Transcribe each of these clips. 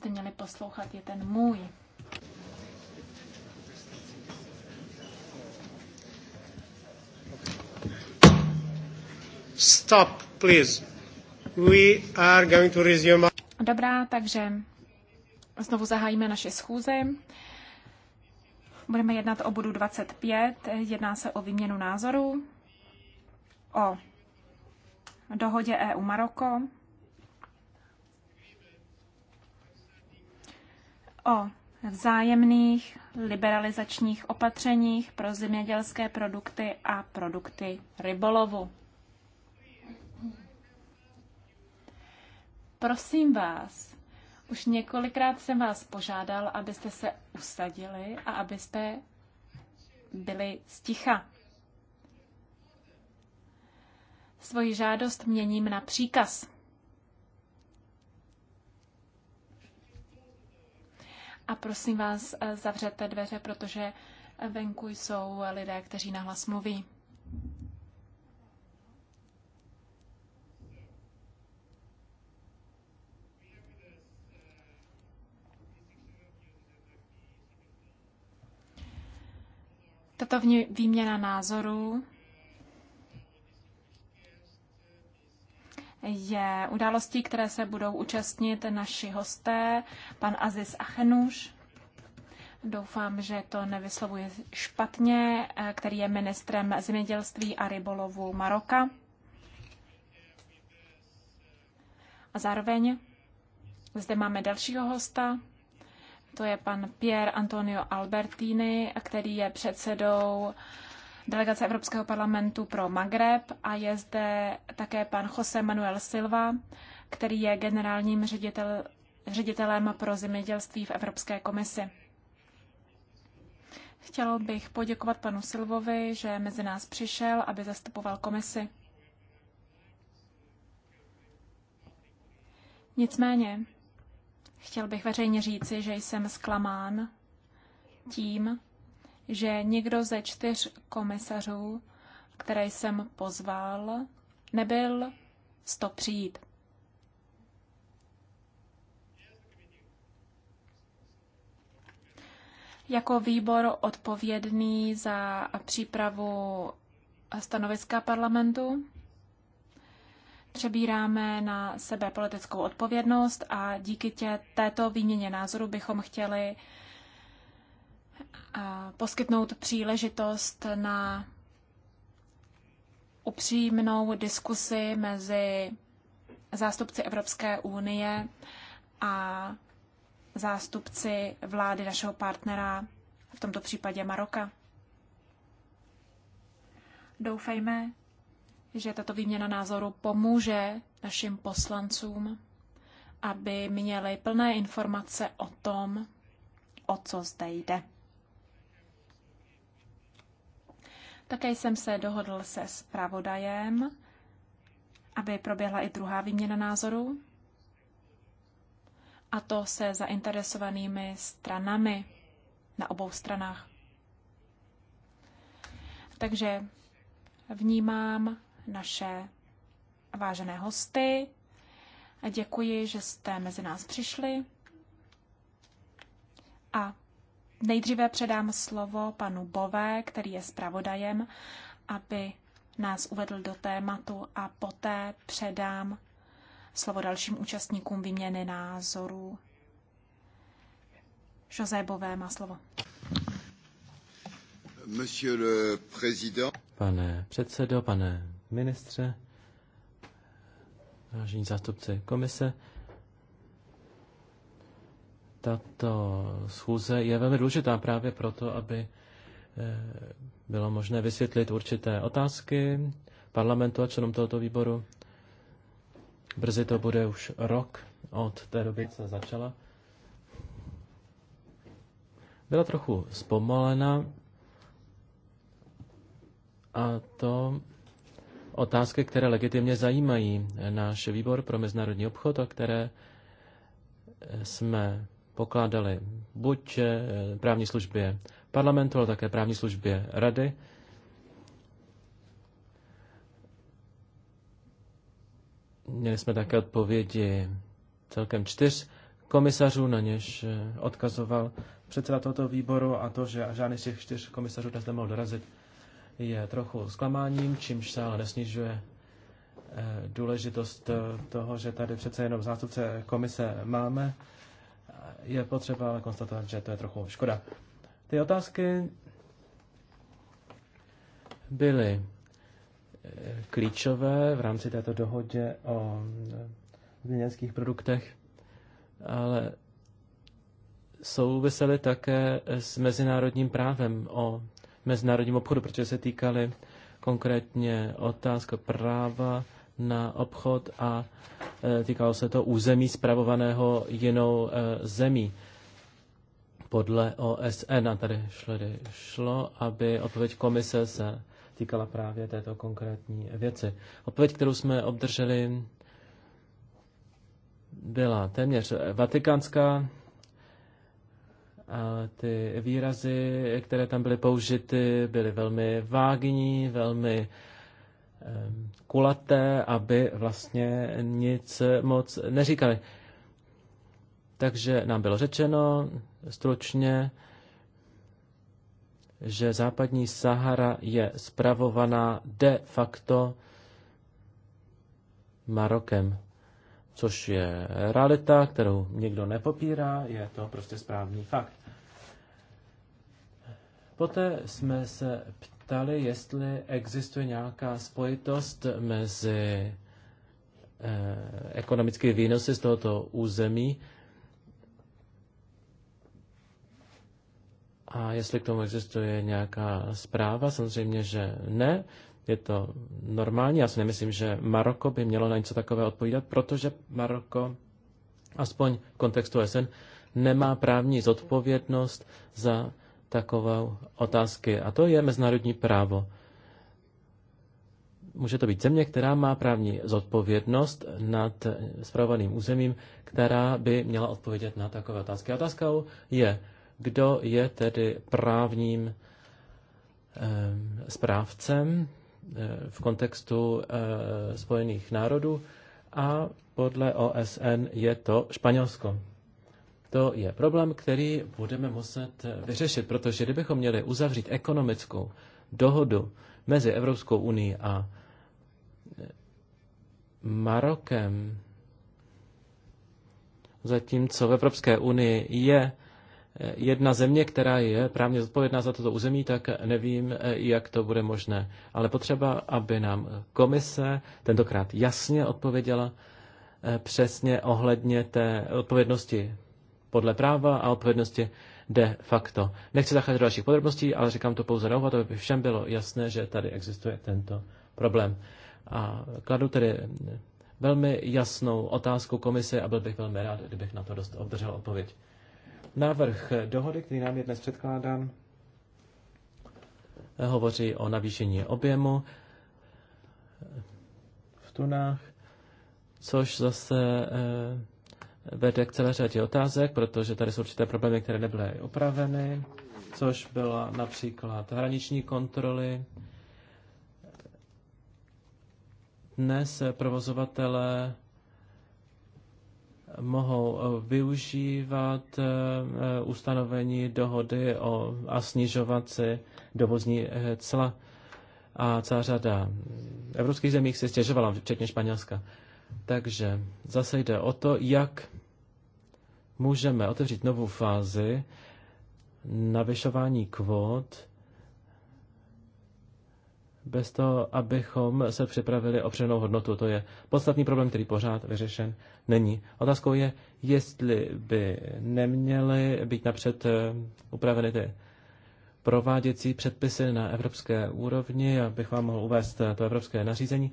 jste měli poslouchat, je ten můj. Stop, please. We are going to resume. Dobrá, takže znovu zahájíme naše schůze. Budeme jednat o bodu 25. Jedná se o výměnu názorů, o dohodě EU Maroko. o vzájemných liberalizačních opatřeních pro zemědělské produkty a produkty rybolovu. Prosím vás, už několikrát jsem vás požádal, abyste se usadili a abyste byli sticha. Svoji žádost měním na příkaz. a prosím vás, eh, zavřete dveře, protože venku jsou lidé, kteří nahlas mluví. Tato výměna názorů je událostí, které se budou účastnit naši hosté, pan Aziz Achenuš, doufám, že to nevyslovuje špatně, eh, který je ministrem zemědělství a rybolovu Maroka. A zároveň zde máme dalšího hosta, to je pan Pierre Antonio Albertini, který je předsedou uh, delegace Evropského parlamentu pro Magreb a je zde také pan Jose Manuel Silva, který je generálním ředitel, ředitelem pro zemědělství v Evropské komisi. Chtěl bych poděkovat panu Silvovi, že mezi nás přišel, aby zastupoval komisi. Nicméně, chtěl bych veřejně říci, že jsem zklamán tím, že někdo ze čtyř komisařů, které jsem pozval, nebyl z to přijít. Jako výbor odpovědný za přípravu stanoviska parlamentu přebíráme na sebe politickou odpovědnost a díky tě, této výměně názoru bychom chtěli poskytnout příležitost na upřímnou diskusi mezi zástupci Evropské unie a zástupci vlády našeho partnera, v tomto případě Maroka. Doufejme, že tato výměna názoru pomůže našim poslancům, aby měli plné informace o tom, o co zde jde. Také jsem se dohodl se zpravodajem, aby proběhla i druhá výměna názorů, a to se zainteresovanými stranami na obou stranách. Takže vnímám naše vážené hosty a děkuji, že jste mezi nás přišli a Nejdříve předám slovo panu Bové, který je zpravodajem, aby nás uvedl do tématu a poté předám slovo dalším účastníkům výměny názorů. José Bové má slovo. Monsieur le président. Pane předsedo, pane ministře, vážení zástupci komise, tato schůze je velmi důležitá právě proto, aby eh, bylo možné vysvětlit určité otázky parlamentu a členům tohoto výboru. Brzy to bude už rok od té doby, co začala. Byla trochu zpomalena a to otázky, které legitimně zajímají náš výbor pro mezinárodní obchod a které jsme pokládali buď eh, právní službě parlamentu, ale také právní službě rady. Měli jsme také odpovědi celkem čtyř komisařů, na něž eh, odkazoval předseda tohoto výboru a to, že žádný z těch čtyř komisařů dnes nemohl dorazit, je trochu zklamáním, čímž se ale nesnižuje eh, důležitost toho, že tady přece jenom zástupce komise máme je potřeba ale konstatovat, že to je trochu škoda. Ty otázky byly eh, klíčové v rámci této dohodě o eh, zemědělských produktech, ale souvisely také s mezinárodním právem o mezinárodním obchodu, protože se týkaly konkrétně otázka práva na obchod a e, týkalo se to území spravovaného jinou e, zemí. Podle OSN, a tady šlo, šlo, aby odpověď komise se týkala právě této konkrétní věci. Odpověď, kterou jsme obdrželi, byla téměř vatikánská, ale ty výrazy, které tam byly použity, byly velmi vágní, velmi kulaté, aby vlastně nic moc neříkali. Takže nám bylo řečeno stručně, že západní Sahara je spravovaná de facto Marokem, což je realita, kterou nikdo nepopírá, je to prostě správný fakt. Poté jsme se ptali, ptali, jestli existuje nějaká spojitost mezi eh, ekonomické výnosy z tohoto území a jestli k tomu existuje nějaká zpráva. Samozřejmě, že ne. Je to normální. Já si nemyslím, že Maroko by mělo na něco takové odpovídat, protože Maroko, aspoň v kontextu SN, nemá právní zodpovědnost za takové otázky, a to je mezinárodní právo. Může to být země, která má právní zodpovědnost nad spravovaným územím, která by měla odpovědět na takové otázky. otázkou je, kdo je tedy právním eh, správcem eh, v kontextu eh, Spojených národů a podle OSN je to Španělsko. To je problém, který budeme muset vyřešit, protože kdybychom měli uzavřít ekonomickou dohodu mezi Evropskou unii a e, Marokem, zatímco v Evropské unii je e, jedna země, která je právně zodpovědná za toto území, tak nevím, e, jak to bude možné. Ale potřeba, aby nám komise tentokrát jasně odpověděla přesně ohledně té odpovědnosti podle práva a odpovědnosti de facto. Nechci zacházet do dalších podrobností, ale říkám to pouze na úvod, aby všem bylo jasné, že tady existuje tento problém. A kladu tedy velmi jasnou otázku komise a byl bych velmi rád, kdybych na to dost obdržel odpověď. Návrh dohody, který nám je dnes předkládán, hovoří o navýšení objemu v tunách, což zase eh, vede k celé řadě otázek, protože tady jsou určité problémy, které nebyly opraveny, což byla například hraniční kontroly. Dnes provozovatele mohou využívat eh, eh, ustanovení dohody o, a snižovat si dovozní eh, cla. A celá řada evropských zemích se stěžovala, včetně Španělska. Takže zase jde o to, jak můžeme otevřít novou fázi navyšování kvót bez toho, abychom se připravili o přenou hodnotu. To je podstatný problém, který pořád vyřešen není. Otázkou je, jestli by neměly být napřed eh, upraveny ty prováděcí předpisy na evropské úrovni, abych vám mohl uvést eh, to evropské nařízení.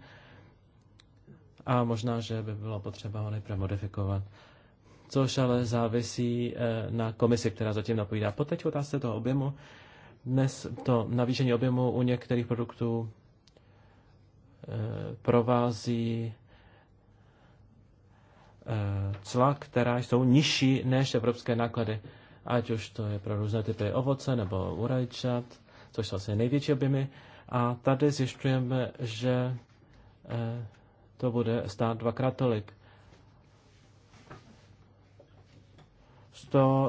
A možná, že by bylo potřeba ho nejprve modifikovat což ale závisí eh, na komisi, která zatím napovídá. Po teď otázce toho objemu. Dnes to navýšení objemu u některých produktů eh, provází eh, cla, která jsou nižší než evropské náklady. Ať už to je pro různé typy ovoce nebo urajčat, což jsou asi největší objemy. A tady zjišťujeme, že to bude stát dvakrát tolik.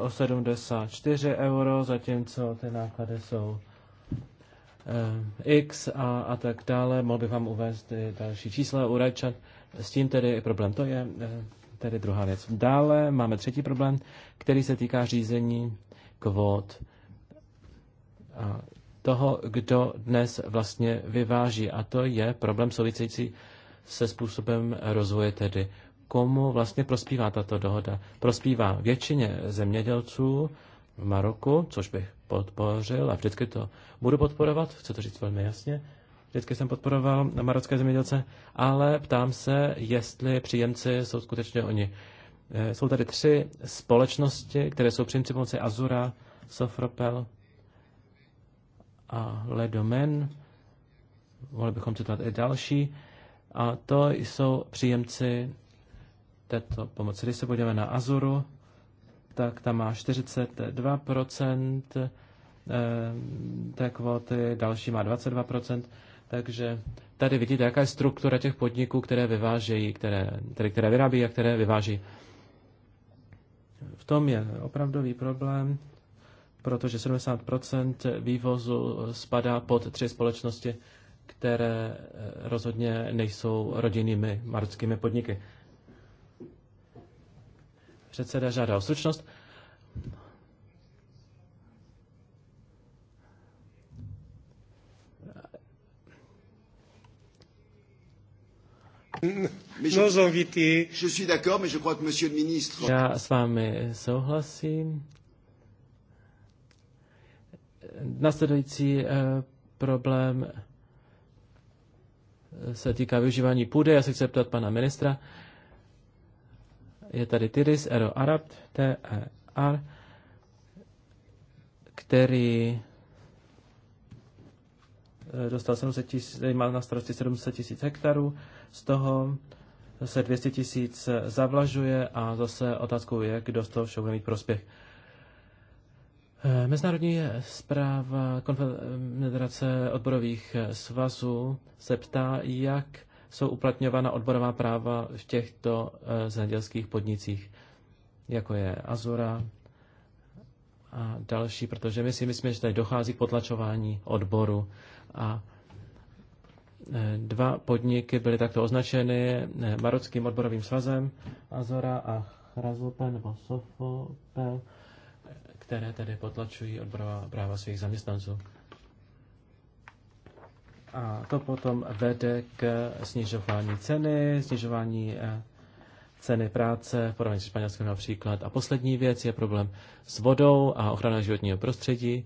174 euro, zatímco ty náklady jsou eh, X a, a tak dále. Mohl bych vám uvést i další čísla u Rajčat. S tím tedy problém. To je eh, tedy druhá věc. Dále máme třetí problém, který se týká řízení kvót a toho, kdo dnes vlastně vyváží. A to je problém související se způsobem rozvoje tedy komu vlastně prospívá tato dohoda. Prospívá většině zemědělců v Maroku, což bych podpořil a vždycky to budu podporovat, chci to říct velmi jasně, vždycky jsem podporoval na marocké zemědělce, ale ptám se, jestli příjemci jsou skutečně oni. Eh, jsou tady tři společnosti, které jsou příjemci pomoci Azura, Sofropel a Ledomen. Mohli bychom citovat i další. A to jsou příjemci této pomoci. Když se podíváme na Azuru, tak tam má 42% eh, té kvóty, další má 22%, takže tady vidíte, jaká je struktura těch podniků, které vyvážejí, které, tedy které vyrábí a které vyváží. V tom je opravdový problém, protože 70% vývozu spadá pod tři společnosti, které eh, rozhodně nejsou rodinnými marockými podniky. Předseda žádá o slučnost. Nos invités. Je suis d'accord, mais je crois que monsieur le ministre... Já s vámi souhlasím. Nasledující eh, problém eh, se týká využívání půdy. Já se chci zeptat pana ministra je tady Tiris Ero Arab, TER, který eh, dostal 700 tisíc, má na starosti 700 tisíc hektarů, z toho se 200 tisíc zavlažuje a zase otázkou je, kdo z toho všeho bude mít prospěch. Eh, Mezinárodní zpráva Konfederace odborových svazů se ptá, jak jsou uplatňována odborová práva v těchto eh, zemědělských podnicích, jako je Azura a další, protože my si myslíme, že tady dochází k potlačování odboru a eh, dva podniky byly takto označeny eh, Marockým odborovým svazem Azora a Chrazope nebo Sofopel, které tedy potlačují odborová práva svých zaměstnanců. A to potom vede k snižování ceny, snižování eh, ceny práce, porovnání s Španělskem například. A poslední věc je problém s vodou a ochrana životního prostředí.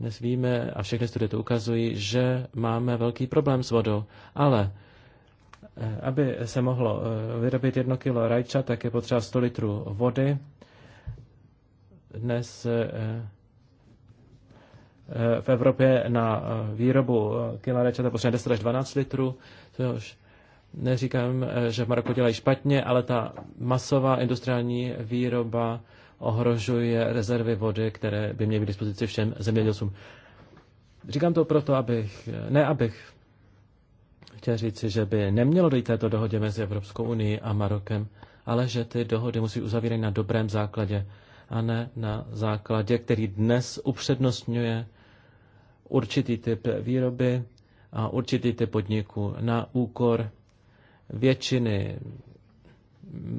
Dnes víme, a všechny studie to ukazují, že máme velký problém s vodou, ale eh, aby se mohlo eh, vyrobit jedno kilo rajča, tak je potřeba 100 litrů vody. Dnes v Evropě na eh, výrobu eh, kila rajčata potřebujeme 10 až 12 litrů, což neříkám, eh, že v Maroku dělají špatně, ale ta masová industriální výroba ohrožuje rezervy vody, které by měly být dispozici všem zemědělcům. Říkám to proto, abych, ne abych chtěl říci, že by nemělo dojít této dohodě mezi Evropskou unii a Marokem, ale že ty dohody musí uzavírat na dobrém základě a ne na základě, který dnes upřednostňuje určitý typ výroby a určitý typ podniku na úkor většiny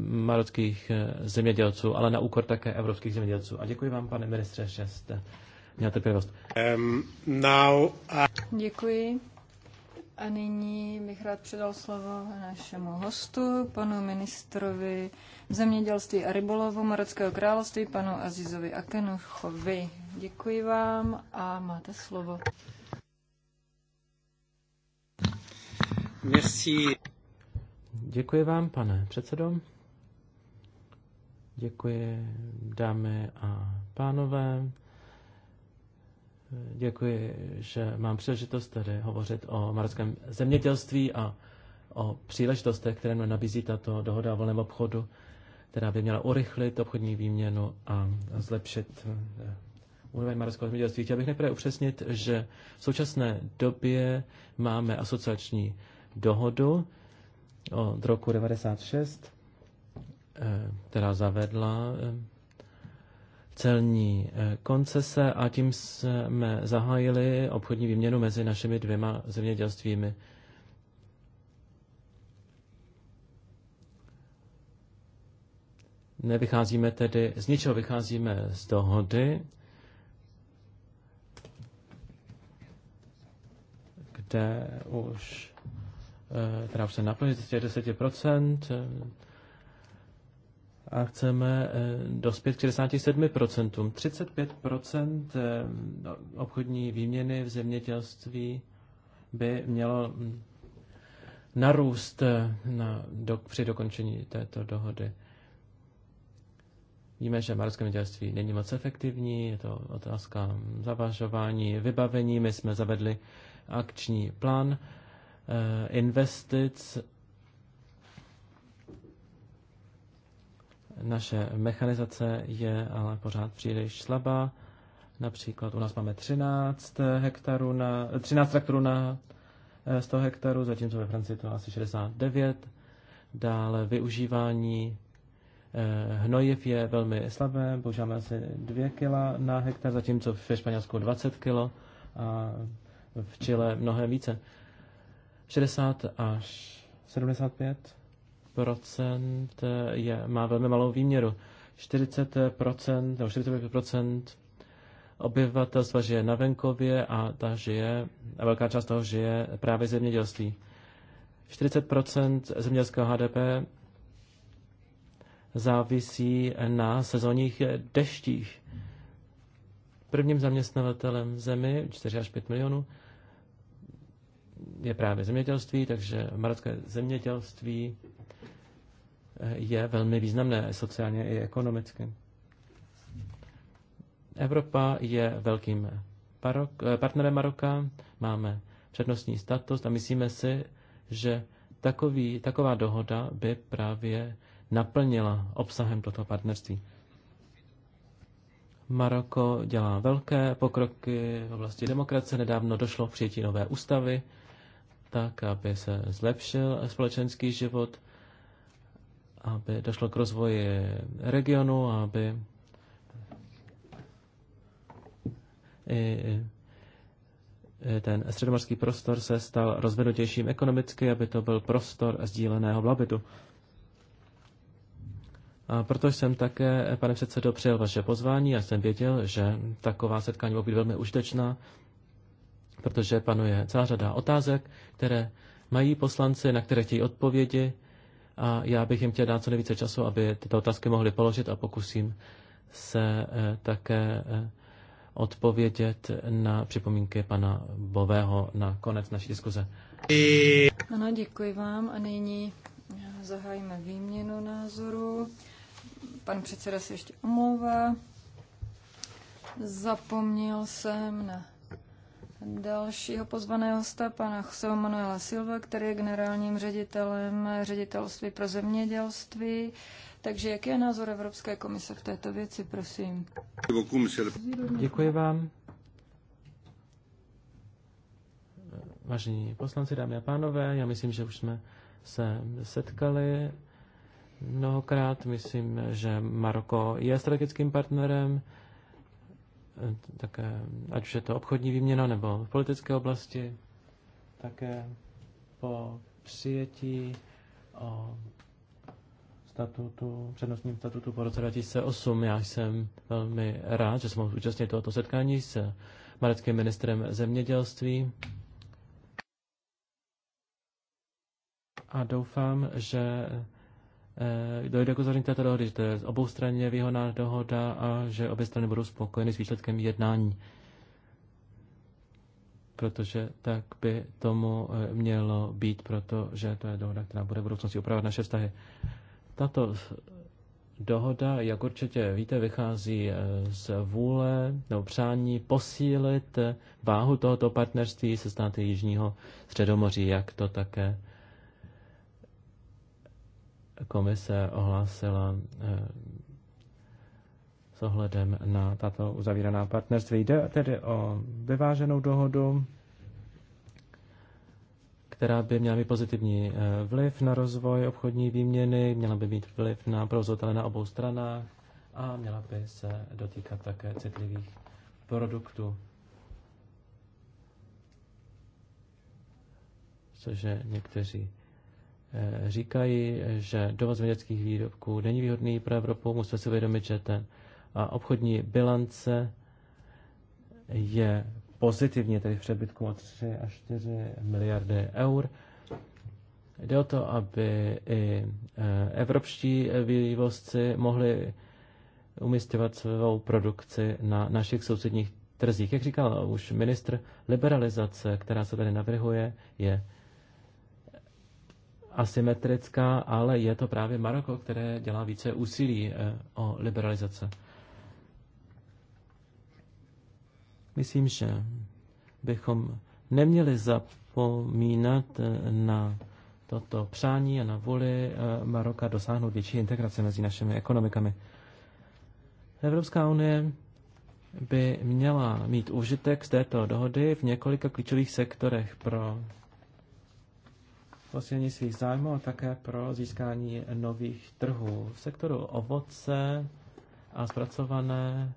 marockých eh, zemědělců, ale na úkor také evropských zemědělců. A děkuji vám, pane ministře, že jste měl trpělivost. Um, now, uh... Děkuji. A nyní bych rád předal slovo našemu hostu, panu ministrovi zemědělství a rybolovu Moravského království, panu Azizovi Akenuchovi. Děkuji vám a máte slovo. Merci. Děkuji vám, pane předsedo. Děkuji, dámy a pánové, Děkuji, že mám příležitost tady hovořit o marockém zemědělství a o příležitostech, které nám nabízí tato dohoda o volném obchodu, která by měla urychlit obchodní výměnu a zlepšit eh, úroveň marockého zemědělství. Chtěl bych nejprve upřesnit, že v současné době máme asociační dohodu od roku 1996, eh, která zavedla eh, celní eh, koncese a tím jsme zahájili obchodní výměnu mezi našimi dvěma zemědělstvími. Nevycházíme tedy, z ničeho vycházíme z dohody, kde už, která eh, už se naplnit 10%, eh, a chceme eh, dospět k 67%. 35% eh, no, obchodní výměny v zemědělství by mělo mm, narůst eh, na, do, při dokončení této dohody. Víme, že marské zemědělství není moc efektivní, je to otázka zavažování vybavení. My jsme zavedli akční plán investic Naše mechanizace je ale pořád příliš slabá. Například u nás máme 13, hektarů na, 13 traktorů na 100 eh, hektarů, zatímco ve Francii to asi 69. Dále využívání eh, hnojiv je velmi slabé, používáme asi 2 kg na hektar, zatímco ve Španělsku 20 kg a v Chile mnohem více. 60 až 75 je, má velmi malou výměru. 40 nebo 45 obyvatelstva žije na venkově a ta žije, a velká část toho žije právě zemědělství. 40 zemědělského HDP závisí na sezónních deštích. Prvním zaměstnavatelem v zemi, 4 až 5 milionů, je právě zemědělství, takže marocké zemědělství je velmi významné sociálně i ekonomicky. Evropa je velkým eh, partnerem Maroka, máme přednostní status a myslíme si, že takový, taková dohoda by právě naplnila obsahem toto partnerství. Maroko dělá velké pokroky v oblasti demokracie. Nedávno došlo k přijetí nové ústavy, tak aby se zlepšil společenský život aby došlo k rozvoji regionu, aby i ten středomorský prostor se stal rozvinutějším ekonomicky, aby to byl prostor sdíleného blabitu. A proto jsem také, pane předsedo, přijel vaše pozvání a jsem věděl, že taková setkání budou být velmi užitečná, protože panuje celá řada otázek, které mají poslanci, na které chtějí odpovědi, a já bych jim chtěl dát co nejvíce času, aby tyto otázky mohli položit a pokusím se eh, také eh, odpovědět na připomínky pana Bového na konec naší diskuze. Ano, děkuji vám a nyní eh, zahájíme výměnu názoru. Pan předseda se ještě omlouvá. Zapomněl jsem na dalšího pozvaného hosta, pana Joseo Manuela Silva, který je generálním ředitelem ředitelství pro zemědělství. Takže jaký je názor Evropské komise v této věci, prosím? Děkuji vám. Vážení poslanci, dámy a pánové, já myslím, že už jsme se setkali mnohokrát. Myslím, že Maroko je strategickým partnerem Eh, také, ať už je to obchodní výměna nebo v politické oblasti, také po přijetí o eh, statutu, přednostním statutu po roce 2008. Já jsem velmi rád, že jsem mohl účastnit tohoto setkání s mareckým ministrem zemědělství. A doufám, že Eh, dojde k uzavření této dohody, že to je straně výhodná dohoda a že obě strany budou spokojeny s výsledkem jednání. Protože tak by tomu eh, mělo být, protože to je dohoda, která bude v budoucnosti upravovat naše vztahy. Tato dohoda, jak určitě víte, vychází eh, z vůle nebo přání posílit váhu tohoto partnerství se státy Jižního středomoří, jak to také komise ohlásila eh, s ohledem na tato uzavíraná partnerství. Jde tedy o vyváženou dohodu, která by měla mít pozitivní eh, vliv na rozvoj obchodní výměny, měla by mít vliv na provozovatele na obou stranách a měla by se dotýkat také citlivých produktů. Což je někteří říkají, že dovoz vědeckých výrobků není výhodný pro Evropu. Musíme si uvědomit, že ten a obchodní bilance je pozitivně, tedy v přebytku o 3 až 4 miliardy eur. Jde o to, aby i e, evropští vývozci mohli umistovat svou produkci na našich sousedních trzích. Jak říkal už ministr, liberalizace, která se tady navrhuje, je asymetrická, ale je to právě Maroko, které dělá více úsilí eh, o liberalizace. Myslím, že bychom neměli zapomínat eh, na toto přání a na vůli eh, Maroka dosáhnout větší integrace mezi našimi ekonomikami. Evropská unie by měla mít užitek z této dohody v několika klíčových sektorech pro posílení svých zájmů a také pro získání nových trhů. V sektoru ovoce a zpracovaného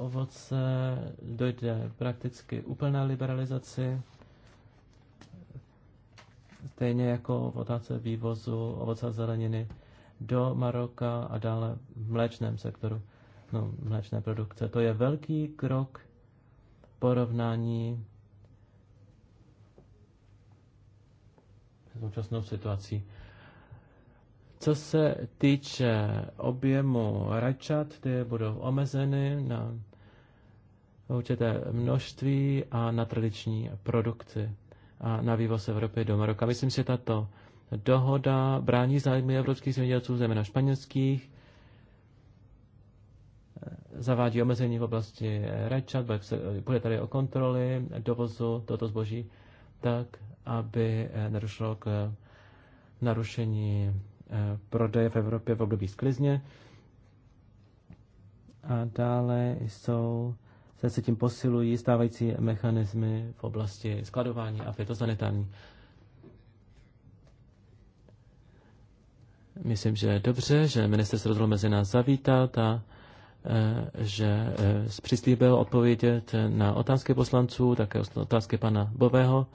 ovoce dojde prakticky úplné liberalizaci, stejně jako v otázce vývozu ovoce a zeleniny do Maroka a dále v mléčném sektoru, no, mléčné produkce. To je velký krok porovnání současnou situací. Co se týče objemu rajčat, ty budou omezeny na určité množství a na tradiční produkci a na vývoz Evropy do Maroka. Myslím si, že tato dohoda brání zájmy evropských zemědělců, zejména španělských, zavádí omezení v oblasti rajčat, bude tady o kontroly dovozu toto zboží, tak aby eh, nedošlo k eh, narušení eh, prodeje v Evropě v období sklizně. A dále jsou, se, se tím posilují stávající mechanismy v oblasti skladování a fitosanitární. Myslím, že je dobře, že minister se rozhodl mezi nás zavítat a že přislíbil odpovědět na otázky poslanců, také otázky pana Bového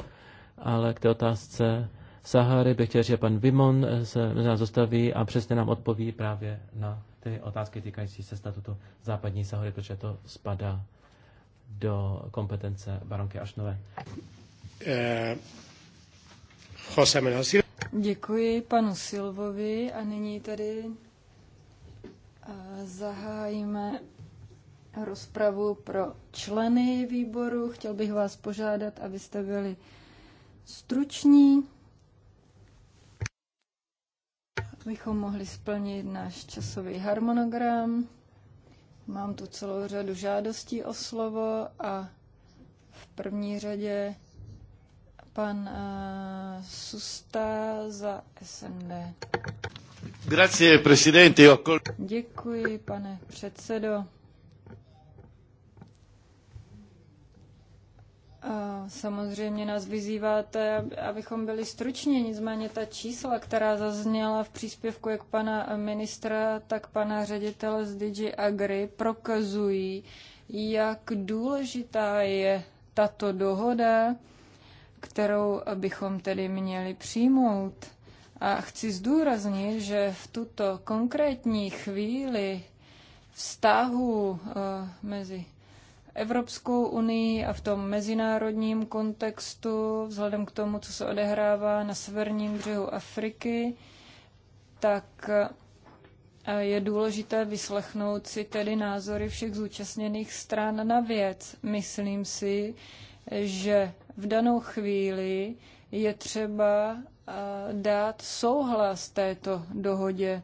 ale k té otázce Sahary bych chtěl, že pan Vimon eh, se nás zastaví a přesně nám odpoví právě na ty otázky týkající se statutu západní Sahary, protože to spadá do kompetence baronky Ašnové. Eh, Děkuji panu Silvovi a nyní tady eh, zahájíme rozpravu pro členy výboru. Chtěl bych vás požádat, abyste byli struční, abychom mohli splnit náš časový harmonogram. Mám tu celou řadu žádostí o slovo a v první řadě pan uh, Susta za SMD. Grazie, presidente. Děkuji, pane předsedo. Samozřejmě nás vyzýváte, abychom byli struční, nicméně ta čísla, která zazněla v příspěvku jak pana ministra, tak pana ředitele z Digi Agri, prokazují, jak důležitá je tato dohoda, kterou bychom tedy měli přijmout. A chci zdůraznit, že v tuto konkrétní chvíli vztahu eh, mezi Evropskou unii a v tom mezinárodním kontextu, vzhledem k tomu, co se odehrává na severním břehu Afriky, tak eh, je důležité vyslechnout si tedy názory všech zúčastněných stran na věc. Myslím si, že v danou chvíli je třeba eh, dát souhlas této dohodě.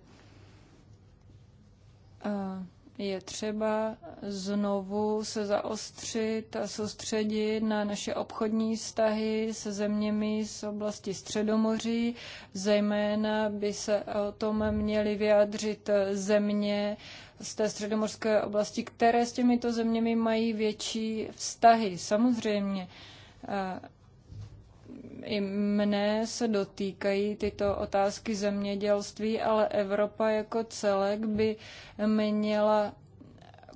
Eh, je třeba znovu se zaostřit a soustředit na naše obchodní vztahy se zeměmi z oblasti Středomoří. Zejména by se o tom měly vyjádřit země z té středomorské oblasti, které s těmito zeměmi mají větší vztahy. Samozřejmě i mne se dotýkají tyto otázky zemědělství, ale Evropa jako celek by měla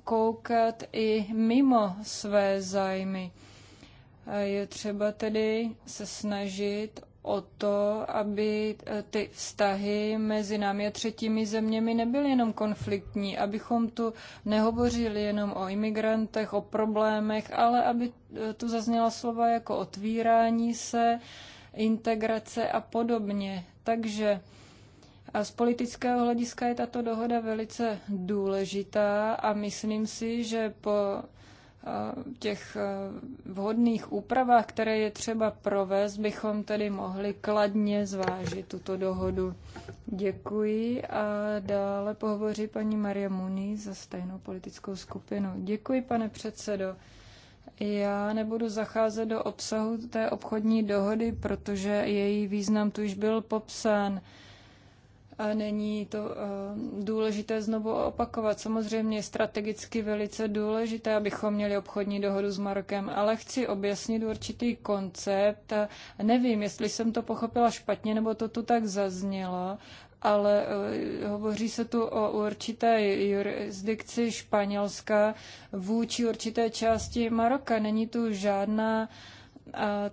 koukat i mimo své zájmy. Je třeba tedy se snažit o to, aby eh, ty vztahy mezi námi a třetími zeměmi nebyly jenom konfliktní, abychom tu nehovořili jenom o imigrantech, o problémech, ale aby eh, tu zazněla slova jako otvírání se, integrace a podobně. Takže a z politického hlediska je tato dohoda velice důležitá a myslím si, že po Eh, těch eh, vhodných úpravách, které je třeba provést, bychom tedy mohli kladně zvážit tuto dohodu. Děkuji a dále pohovoří paní Maria Muni za stejnou politickou skupinu. Děkuji, pane předsedo. Já nebudu zacházet do obsahu té obchodní dohody, protože její význam tu již byl popsán a není to eh, důležité znovu opakovat. Samozřejmě je strategicky velice důležité, abychom měli obchodní dohodu s Marokem, ale chci objasnit určitý koncept. Nevím, jestli jsem to pochopila špatně, nebo to tu tak zaznělo, ale eh, hovoří se tu o určité jurisdikci Španělska vůči určité části Maroka. Není tu žádná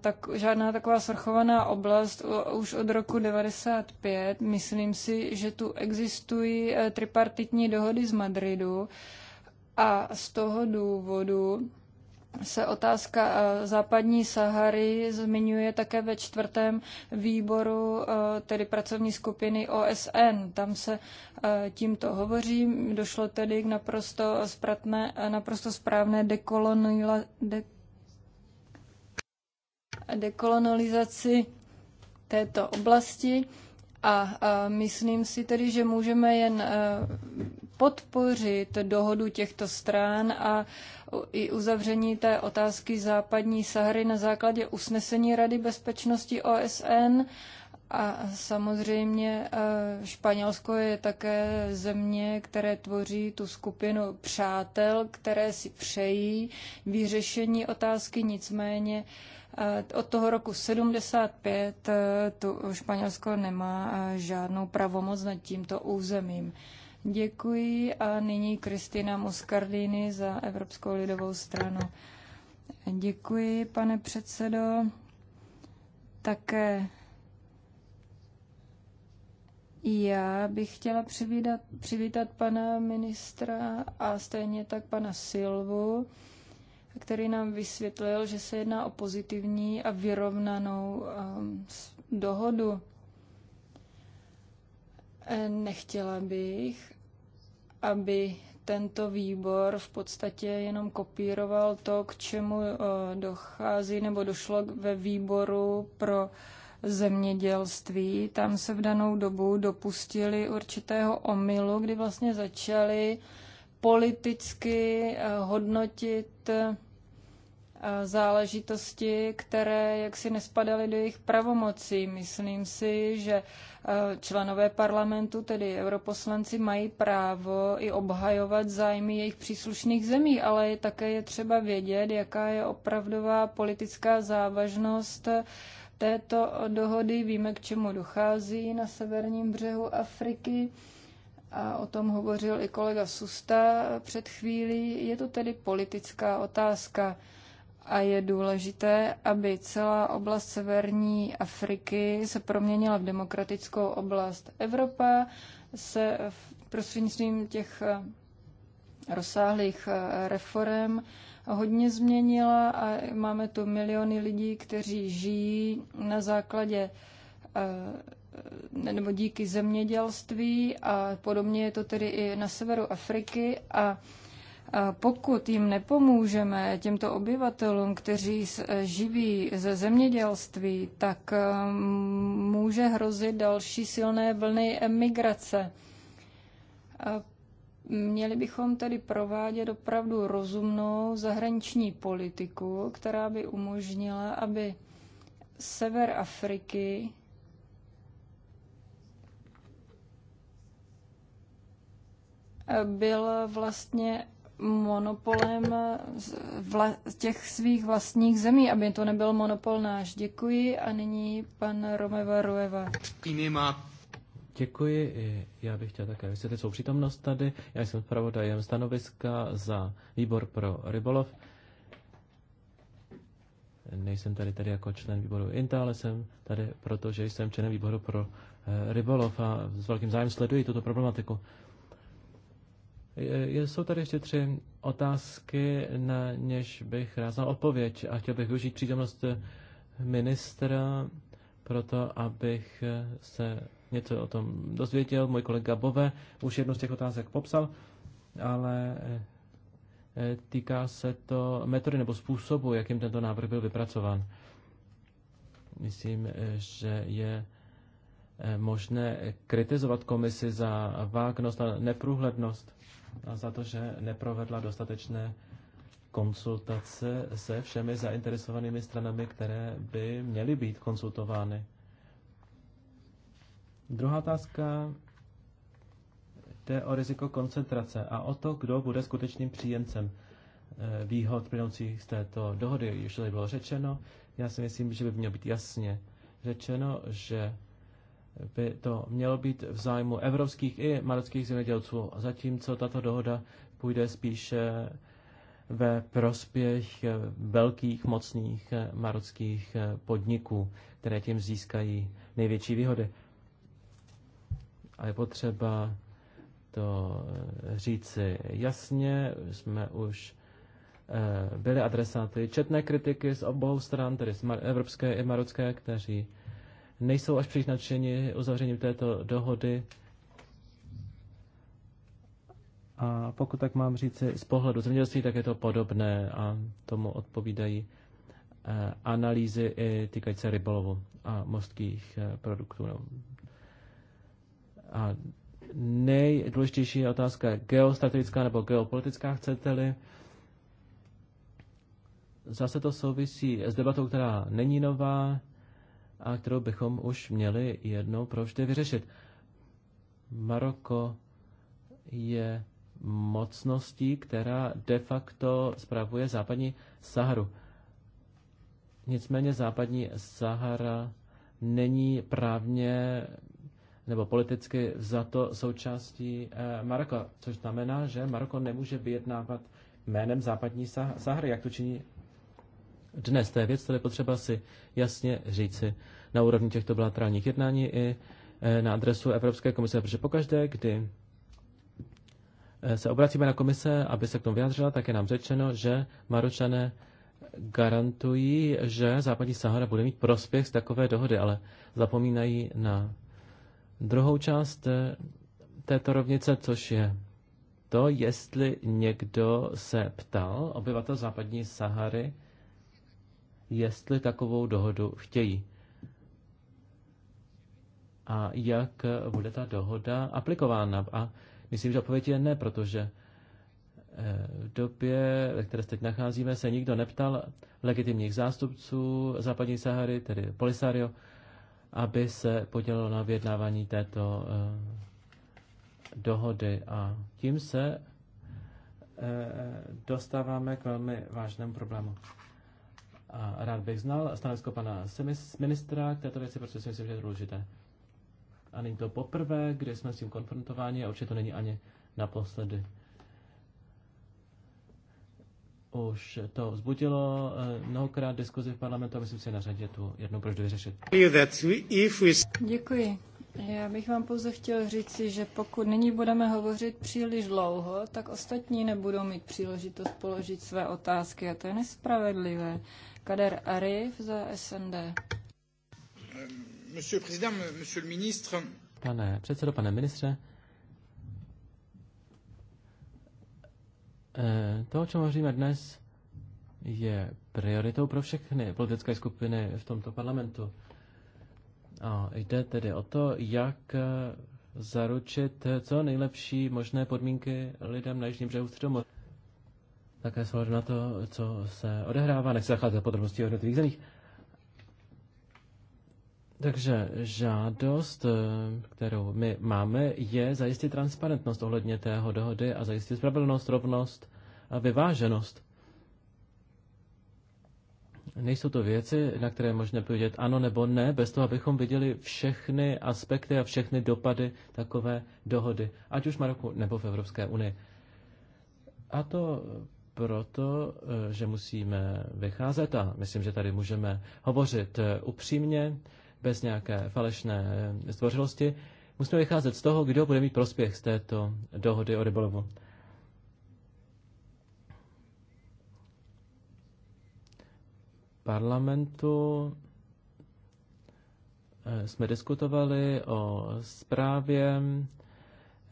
tak, žádná taková svrchovaná oblast už od roku 95. Myslím si, že tu existují e, tripartitní dohody z Madridu a z toho důvodu se otázka e, západní Sahary zmiňuje také ve čtvrtém výboru, e, tedy pracovní skupiny OSN. Tam se tímto hovoří. Došlo tedy k naprosto, spratné, naprosto správné dekolonizaci dekolonizaci této oblasti a, a myslím si tedy, že můžeme jen e, podpořit dohodu těchto strán a i uzavření té otázky západní Sahary na základě usnesení Rady bezpečnosti OSN. A samozřejmě e, Španělsko je také země, které tvoří tu skupinu přátel, které si přejí vyřešení otázky, nicméně uh, od toho roku 75 eh, tu Španělsko nemá eh, žádnou pravomoc nad tímto územím. Děkuji a nyní Kristina Muscardini za Evropskou lidovou stranu. Děkuji, pane předsedo. Také já bych chtěla přivítat, přivítat pana ministra a stejně tak pana Silvu který nám vysvětlil, že se jedná o pozitivní a vyrovnanou um, dohodu. E, nechtěla bych, aby tento výbor v podstatě jenom kopíroval to, k čemu e, dochází nebo došlo ve výboru pro zemědělství. Tam se v danou dobu dopustili určitého omylu, kdy vlastně začali politicky e, hodnotit Eh, záležitosti, které jaksi nespadaly do jejich pravomocí. Myslím si, že eh, členové parlamentu, tedy europoslanci, mají právo i obhajovat zájmy jejich příslušných zemí, ale také je třeba vědět, jaká je opravdová politická závažnost eh, této dohody. Víme, k čemu dochází na severním břehu Afriky. A o tom hovořil i kolega Susta před chvílí. Je to tedy politická otázka a je důležité, aby celá oblast severní Afriky se proměnila v demokratickou oblast. Evropa se prostřednictvím těch eh, rozsáhlých eh, reform hodně změnila a máme tu miliony lidí, kteří žijí na základě eh, nebo díky zemědělství a podobně je to tedy i na severu Afriky a pokud jim nepomůžeme, těmto obyvatelům, kteří e, živí ze zemědělství, tak e, může hrozit další silné vlny emigrace. Měli bychom tedy provádět opravdu rozumnou zahraniční politiku, která by umožnila, aby sever Afriky byl vlastně monopolem vla- těch svých vlastních zemí, aby to nebyl monopol náš. Děkuji a nyní pan Romeva Rueva. Děkuji. Já bych chtěl také vysvětlit svou přítomnost tady. Já jsem zpravodajem stanoviska za výbor pro rybolov. Nejsem tady tady jako člen výboru INTA, ale jsem tady proto, že jsem členem výboru pro eh, rybolov a s velkým zájem sleduji tuto problematiku. Jsou tady ještě tři otázky, na něž bych rád znal odpověď a chtěl bych využít přítomnost ministra pro to, abych se něco o tom dozvěděl. Můj kolega Bove už jednu z těch otázek popsal, ale e, týká se to metody nebo způsobu, jakým tento návrh byl vypracován. Myslím, že je e, možné kritizovat komisi za vágnost a neprůhlednost a za to, že neprovedla dostatečné konsultace se všemi zainteresovanými stranami, které by měly být konsultovány. Druhá otázka jde o riziko koncentrace a o to, kdo bude skutečným příjemcem eh, výhod plynoucích z této dohody. Už to bylo řečeno. Já si myslím, že by mělo být jasně řečeno, že by to mělo být v zájmu evropských i marockých zemědělců, zatímco tato dohoda půjde spíše ve prospěch velkých, mocných marockých podniků, které tím získají největší výhody. A je potřeba to říci jasně, jsme už eh, byli adresáty četné kritiky z obou stran, tedy z evropské i marocké, kteří nejsou až příliš nadšeni uzavřením této dohody. A pokud tak mám říci, z pohledu zemědělství, tak je to podobné a tomu odpovídají eh, analýzy i týkající se rybolovu a mořských eh, produktů. No. A nejdůležitější je otázka geostrategická nebo geopolitická, chcete-li. Zase to souvisí s debatou, která není nová a kterou bychom už měli jednou provždy vyřešit. Maroko je mocností, která de facto spravuje západní Saharu. Nicméně západní Sahara není právně nebo politicky za to součástí eh, Maroka, což znamená, že Maroko nemůže vyjednávat jménem západní Sahary, jak to činí dnes. To je věc, to je potřeba si jasně říci na úrovni těchto bilaterálních jednání i eh, na adresu Evropské komise, protože pokaždé, kdy eh, se obracíme na komise, aby se k tomu vyjádřila, tak je nám řečeno, že Maročané garantují, že západní Sahara bude mít prospěch z takové dohody, ale zapomínají na druhou část eh, této rovnice, což je to, jestli někdo se ptal obyvatel západní Sahary, jestli takovou dohodu chtějí. A jak bude ta dohoda aplikována. A myslím, že odpověď je ne, protože eh, v době, ve které se teď nacházíme, se nikdo neptal legitimních zástupců západní Sahary, tedy Polisario, aby se podělilo na vyjednávání této eh, dohody. A tím se eh, dostáváme k velmi vážnému problému. A rád bych znal stanovisko pana ministra k této věci, protože si myslím, že je důležité. A není to poprvé, kdy jsme s tím konfrontováni a určitě to není ani naposledy. Už to vzbudilo eh, mnohokrát diskuzi v parlamentu a myslím si na řadě tu jednou proč vyřešit. Děkuji. Já bych vám pouze chtěl říci, že pokud nyní budeme hovořit příliš dlouho, tak ostatní nebudou mít příležitost položit své otázky a to je nespravedlivé. Kader Arif za SND. Pane předsedo, pane ministře, eh, to, o čem hovoříme dnes, je prioritou pro všechny politické skupiny v tomto parlamentu. A jde tedy o to, jak eh, zaručit co nejlepší možné podmínky lidem na Jižním břehu Středomoří také s na to, co se odehrává. Nechci zacházet do podrobností o jednotlivých zemích. Takže žádost, eh, kterou my máme, je zajistit transparentnost ohledně tého dohody a zajistit spravedlnost, rovnost a vyváženost. Nejsou to věci, na které možné povědět ano nebo ne, bez toho, abychom viděli všechny aspekty a všechny dopady takové dohody, ať už v Maroku nebo v Evropské unii. A to proto, eh, že musíme vycházet a myslím, že tady můžeme hovořit eh, upřímně, bez nějaké falešné eh, zdvořilosti. Musíme vycházet z toho, kdo bude mít prospěch z této dohody o rybolovu. Parlamentu jsme diskutovali o zprávě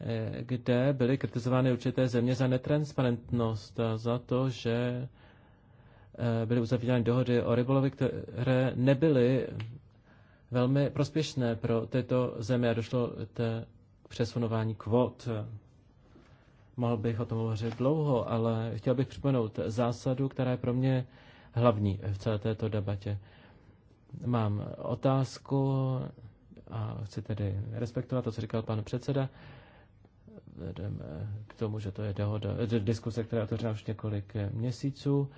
Eh, kde byly kritizovány určité země za netransparentnost a za to, že eh, byly uzavírány dohody o rybolovi, které nebyly velmi prospěšné pro této země a došlo k přesunování kvot. Mohl bych o tom hovořit dlouho, ale chtěl bych připomenout zásadu, která je pro mě hlavní v celé této debatě. Mám otázku a chci tedy respektovat to, co říkal pan předseda vedeme eh, k tomu, že to je dohoda, eh, diskuse, která otevřela už několik eh, měsíců.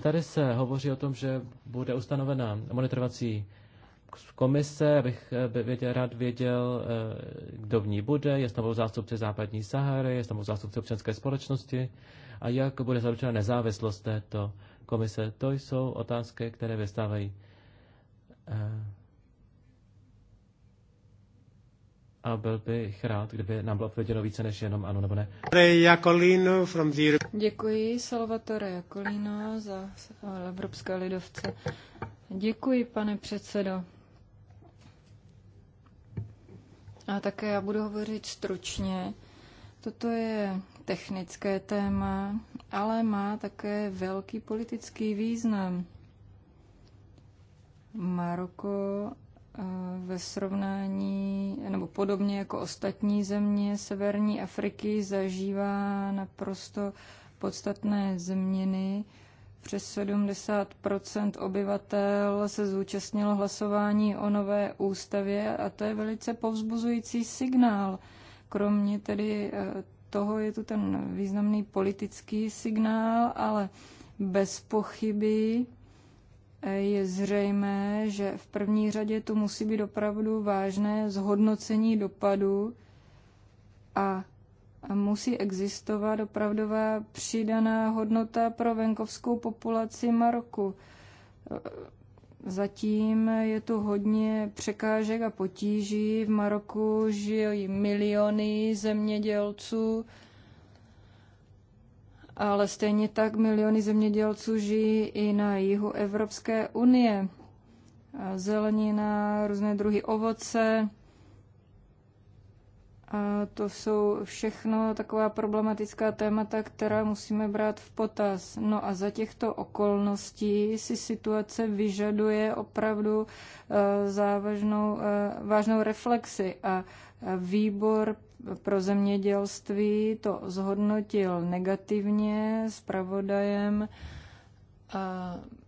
Tady se hovoří o tom, že bude ustanovena monitorovací komise, abych věděl, rád věděl, kdo v ní bude, jestli tam budou zástupci západní Sahary, jestli tam budou zástupci občanské společnosti a jak bude zaručena nezávislost této komise. To jsou otázky, které vystávají a byl bych rád, kdyby nám bylo odpověděno více než jenom ano nebo ne. Děkuji Salvatore Jakolino za eh, Evropské lidovce. Děkuji, pane předsedo. A také já budu hovořit stručně. Toto je technické téma, ale má také velký politický význam. Maroko ve srovnání nebo podobně jako ostatní země Severní Afriky zažívá naprosto podstatné změny. Přes 70 obyvatel se zúčastnilo hlasování o nové ústavě a to je velice povzbuzující signál. Kromě tedy e, toho je tu ten významný politický signál, ale bez pochyby je zřejmé, že v první řadě tu musí být opravdu vážné zhodnocení dopadu a musí existovat opravdová přidaná hodnota pro venkovskou populaci Maroku. Zatím je tu hodně překážek a potíží. V Maroku žijí miliony zemědělců, ale stejně tak miliony zemědělců žijí i na jihu Evropské unie. Zelenina, různé druhy ovoce, a to jsou všechno taková problematická témata, která musíme brát v potaz. No a za těchto okolností si situace vyžaduje opravdu eh, závažnou, eh, vážnou reflexi a výbor pro zemědělství to zhodnotil negativně s pravodajem.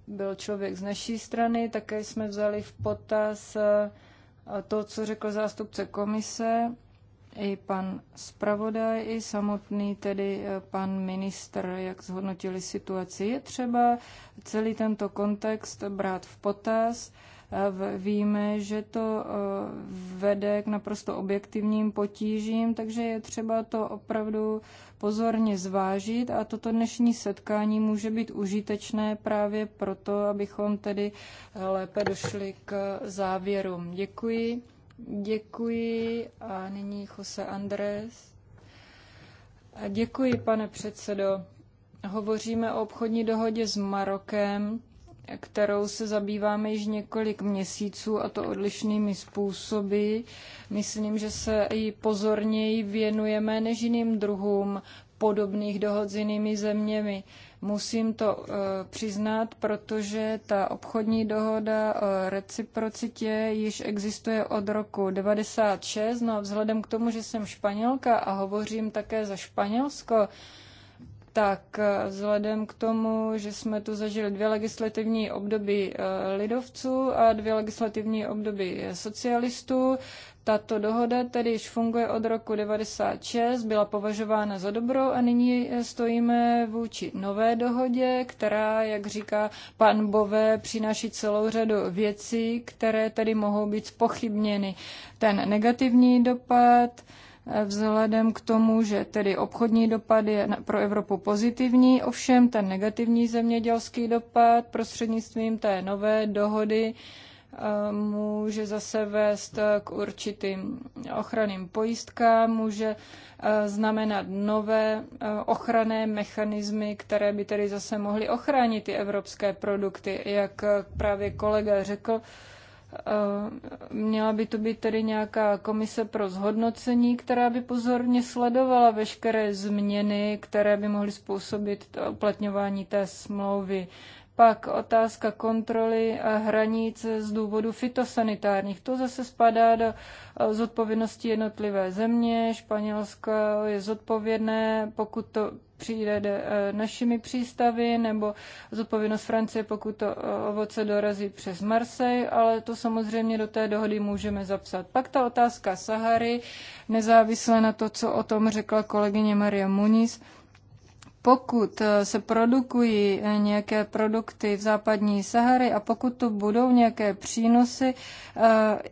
Byl člověk z naší strany, také jsme vzali v potaz to, co řekl zástupce komise, i pan zpravodaj, i samotný tedy e, pan minister jak zhodnotili situaci. Je třeba celý tento kontext brát v potaz Víme, že to eh, vede k naprosto objektivním potížím, takže je třeba to opravdu pozorně zvážit a toto dnešní setkání může být užitečné právě proto, abychom tedy eh, lépe došli k závěrům. Děkuji. Děkuji a nyní Jose Andres. děkuji, pane předsedo. Hovoříme o obchodní dohodě s Marokem kterou se zabýváme již několik měsíců a to odlišnými způsoby. Myslím, že se i pozorněji věnujeme než jiným druhům podobných dohod s jinými zeměmi. Musím to e, přiznat, protože ta obchodní dohoda o reciprocitě již existuje od roku 96. No a vzhledem k tomu, že jsem Španělka a hovořím také za Španělsko, tak eh, vzhledem k tomu, že jsme tu zažili dvě legislativní období eh, lidovců a dvě legislativní období socialistů, tato dohoda tedy již funguje od roku 1996, byla považována za dobrou a nyní eh, stojíme vůči nové dohodě, která, jak říká pan Bové, přináší celou řadu věcí, které tedy mohou být spochybněny. Ten negativní dopad, Vzhledem k tomu, že tedy obchodní dopad je pro Evropu pozitivní, ovšem ten negativní zemědělský dopad prostřednictvím té nové dohody eh, může zase vést k určitým ochranným pojistkám, může eh, znamenat nové eh, ochranné mechanismy, které by tedy zase mohly ochránit ty evropské produkty. Jak právě kolega řekl, Eh, měla by to být tedy nějaká komise pro zhodnocení, která by pozorně sledovala veškeré změny, které by mohly způsobit uplatňování té smlouvy. Pak otázka kontroly hranic z důvodu fitosanitárních. To zase spadá do eh, zodpovědnosti jednotlivé země. Španělsko je zodpovědné, pokud to přijde eh, našimi přístavy, nebo zodpovědnost Francie, pokud to eh, ovoce dorazí přes Marseille, ale to samozřejmě do té dohody můžeme zapsat. Pak ta otázka Sahary, nezávisle na to, co o tom řekla kolegyně Maria Muniz, pokud eh, se produkují eh, nějaké produkty v západní Sahary a pokud tu budou nějaké přínosy eh,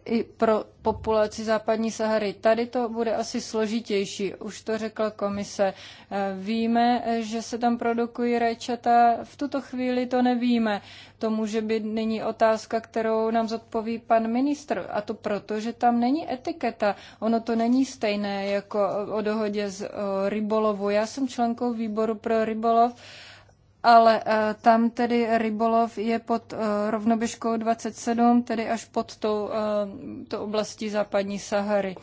i pro populaci západní Sahary. Tady to bude asi složitější, už to řekla komise. Eh, víme, že se tam produkují rajčata, v tuto chvíli to nevíme. To může být nyní otázka, kterou nám zodpoví pan ministr. A to proto, že tam není etiketa. Ono to není stejné jako o dohodě z rybolovu. Já jsem členkou výboru pro rybolov ale eh, tam tedy rybolov je pod eh, rovnoběžkou 27, tedy až pod tou eh, to oblastí západní Sahary.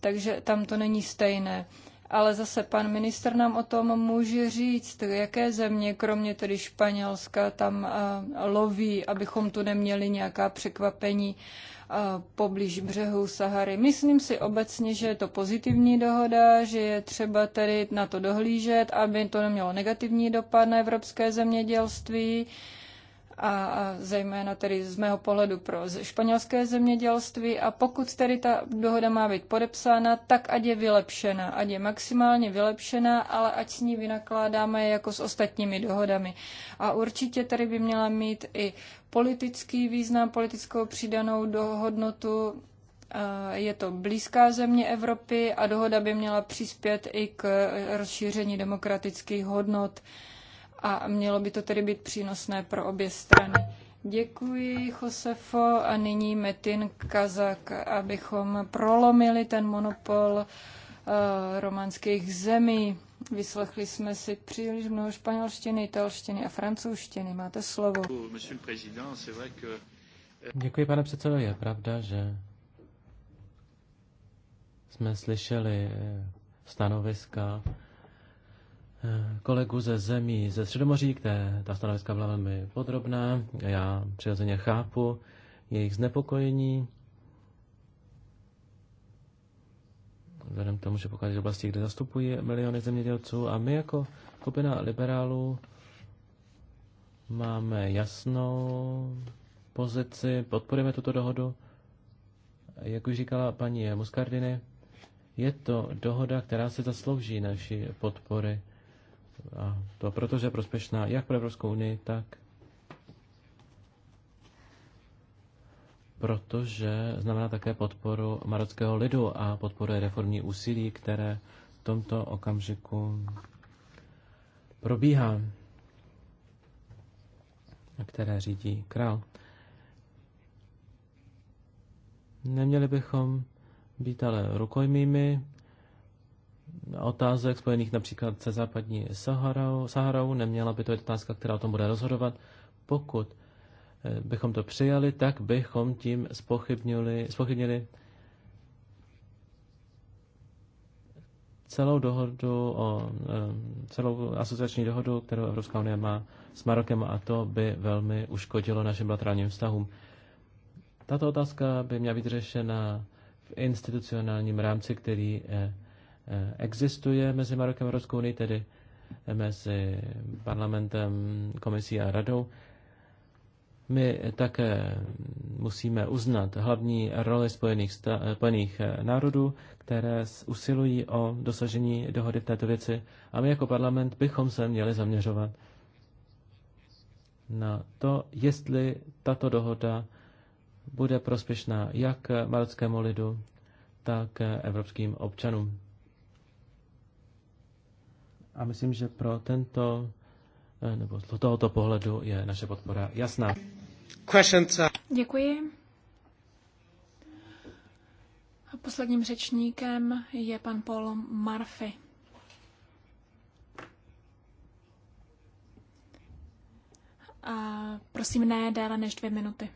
Takže tam to není stejné. Ale zase pan minister nám o tom může říct, jaké země, kromě tedy Španělska, tam loví, abychom tu neměli nějaká překvapení Eh, poblíž břehu Sahary. Myslím si obecně, že je to pozitivní dohoda, že je třeba tedy na to dohlížet, aby to nemělo negativní dopad na evropské zemědělství a zejména tedy z mého pohledu pro španělské zemědělství. A pokud tedy ta dohoda má být podepsána, tak ať je vylepšena, ať je maximálně vylepšena, ale ať s ní vynakládáme jako s ostatními dohodami. A určitě tedy by měla mít i politický význam, politickou přidanou dohodnotu, je to blízká země Evropy a dohoda by měla přispět i k rozšíření demokratických hodnot a mělo by to tedy být přínosné pro obě strany. Děkuji, Josefo. A nyní Metin Kazak, abychom prolomili ten monopol uh, románských zemí. Vyslechli jsme si příliš mnoho španělštiny, italštiny a francouzštiny. Máte slovo. Eh, Děkuji, pane předsedo. Je pravda, že jsme slyšeli eh, stanoviska Kolegu ze zemí ze Středomoří, kde ta stanoviska byla velmi podrobná. Já přirozeně chápu jejich znepokojení. Vzhledem k tomu, že pochází oblasti, kde zastupují miliony zemědělců a my jako skupina liberálů máme jasnou pozici, podporujeme tuto dohodu. Jak už říkala paní Muscardini, je to dohoda, která si zaslouží naší podpory a to protože je prospěšná jak pro Evropskou unii, tak protože znamená také podporu marockého lidu a podporuje reformní úsilí, které v tomto okamžiku probíhá, které řídí král. Neměli bychom být ale rukojmými otázek spojených například se západní Saharou, Saharou. Neměla by to být otázka, která o tom bude rozhodovat. Pokud eh, bychom to přijali, tak bychom tím spochybnili, spochybnili celou dohodu o, eh, celou asociační dohodu, kterou Evropská unie má s Marokem a to by velmi uškodilo našim bilaterálním vztahům. Tato otázka by měla být řešena v institucionálním rámci, který eh, Eh, existuje mezi Marokem a Evropskou unii, tedy eh, mezi parlamentem, komisí a radou. My také musíme uznat hlavní roli Spojených, sta- eh, Spojených národů, které usilují o dosažení dohody v této věci a my jako parlament bychom se měli zaměřovat na to, jestli tato dohoda bude prospěšná jak marockému lidu, tak evropským občanům. A myslím, že pro tento eh, nebo z tohoto pohledu je naše podpora jasná. Děkuji. A posledním řečníkem je pan Paul Murphy. A prosím, ne déle než dvě minuty.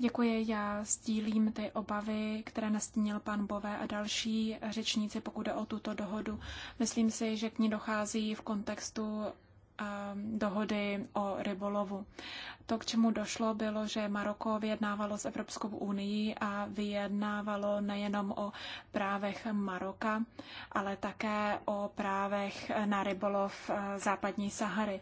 Děkuji, já sdílím ty obavy, které nastínil pan Bové a další řečníci, pokud jde o tuto dohodu. Myslím si, že k ní dochází v kontextu ehm, dohody o rybolovu. To, k čemu došlo, bylo, že Maroko vyjednávalo s Evropskou unii a vyjednávalo nejenom o právech Maroka, ale také o právech na rybolov eh, západní Sahary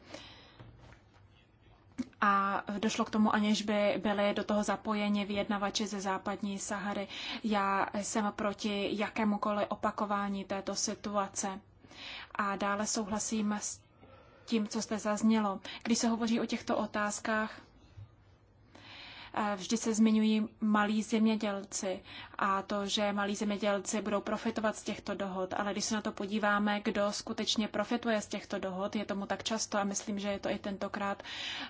a došlo k tomu, aniž by byly do toho zapojeni vyjednavači ze západní Sahary. Já jsem proti jakémukoliv opakování této situace. A dále souhlasím s tím, co jste zaznělo. Když se hovoří o těchto otázkách, Vždy se zmiňují malí zemědělci a to, že malí zemědělci budou profitovat z těchto dohod, ale když se na to podíváme, kdo skutečně profituje z těchto dohod, je tomu tak často a myslím, že je to i tentokrát,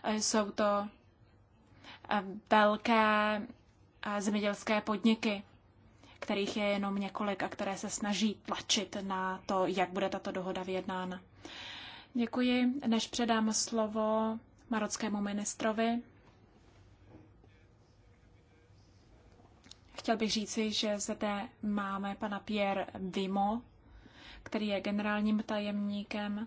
e, jsou to e, velké e, zemědělské podniky, kterých je jenom několik a které se snaží tlačit na to, jak bude tato dohoda vyjednána. Děkuji. Než předám slovo marockému ministrovi, Chtěl bych říci, že zde máme pana Pierre Vimo, který je generálním tajemníkem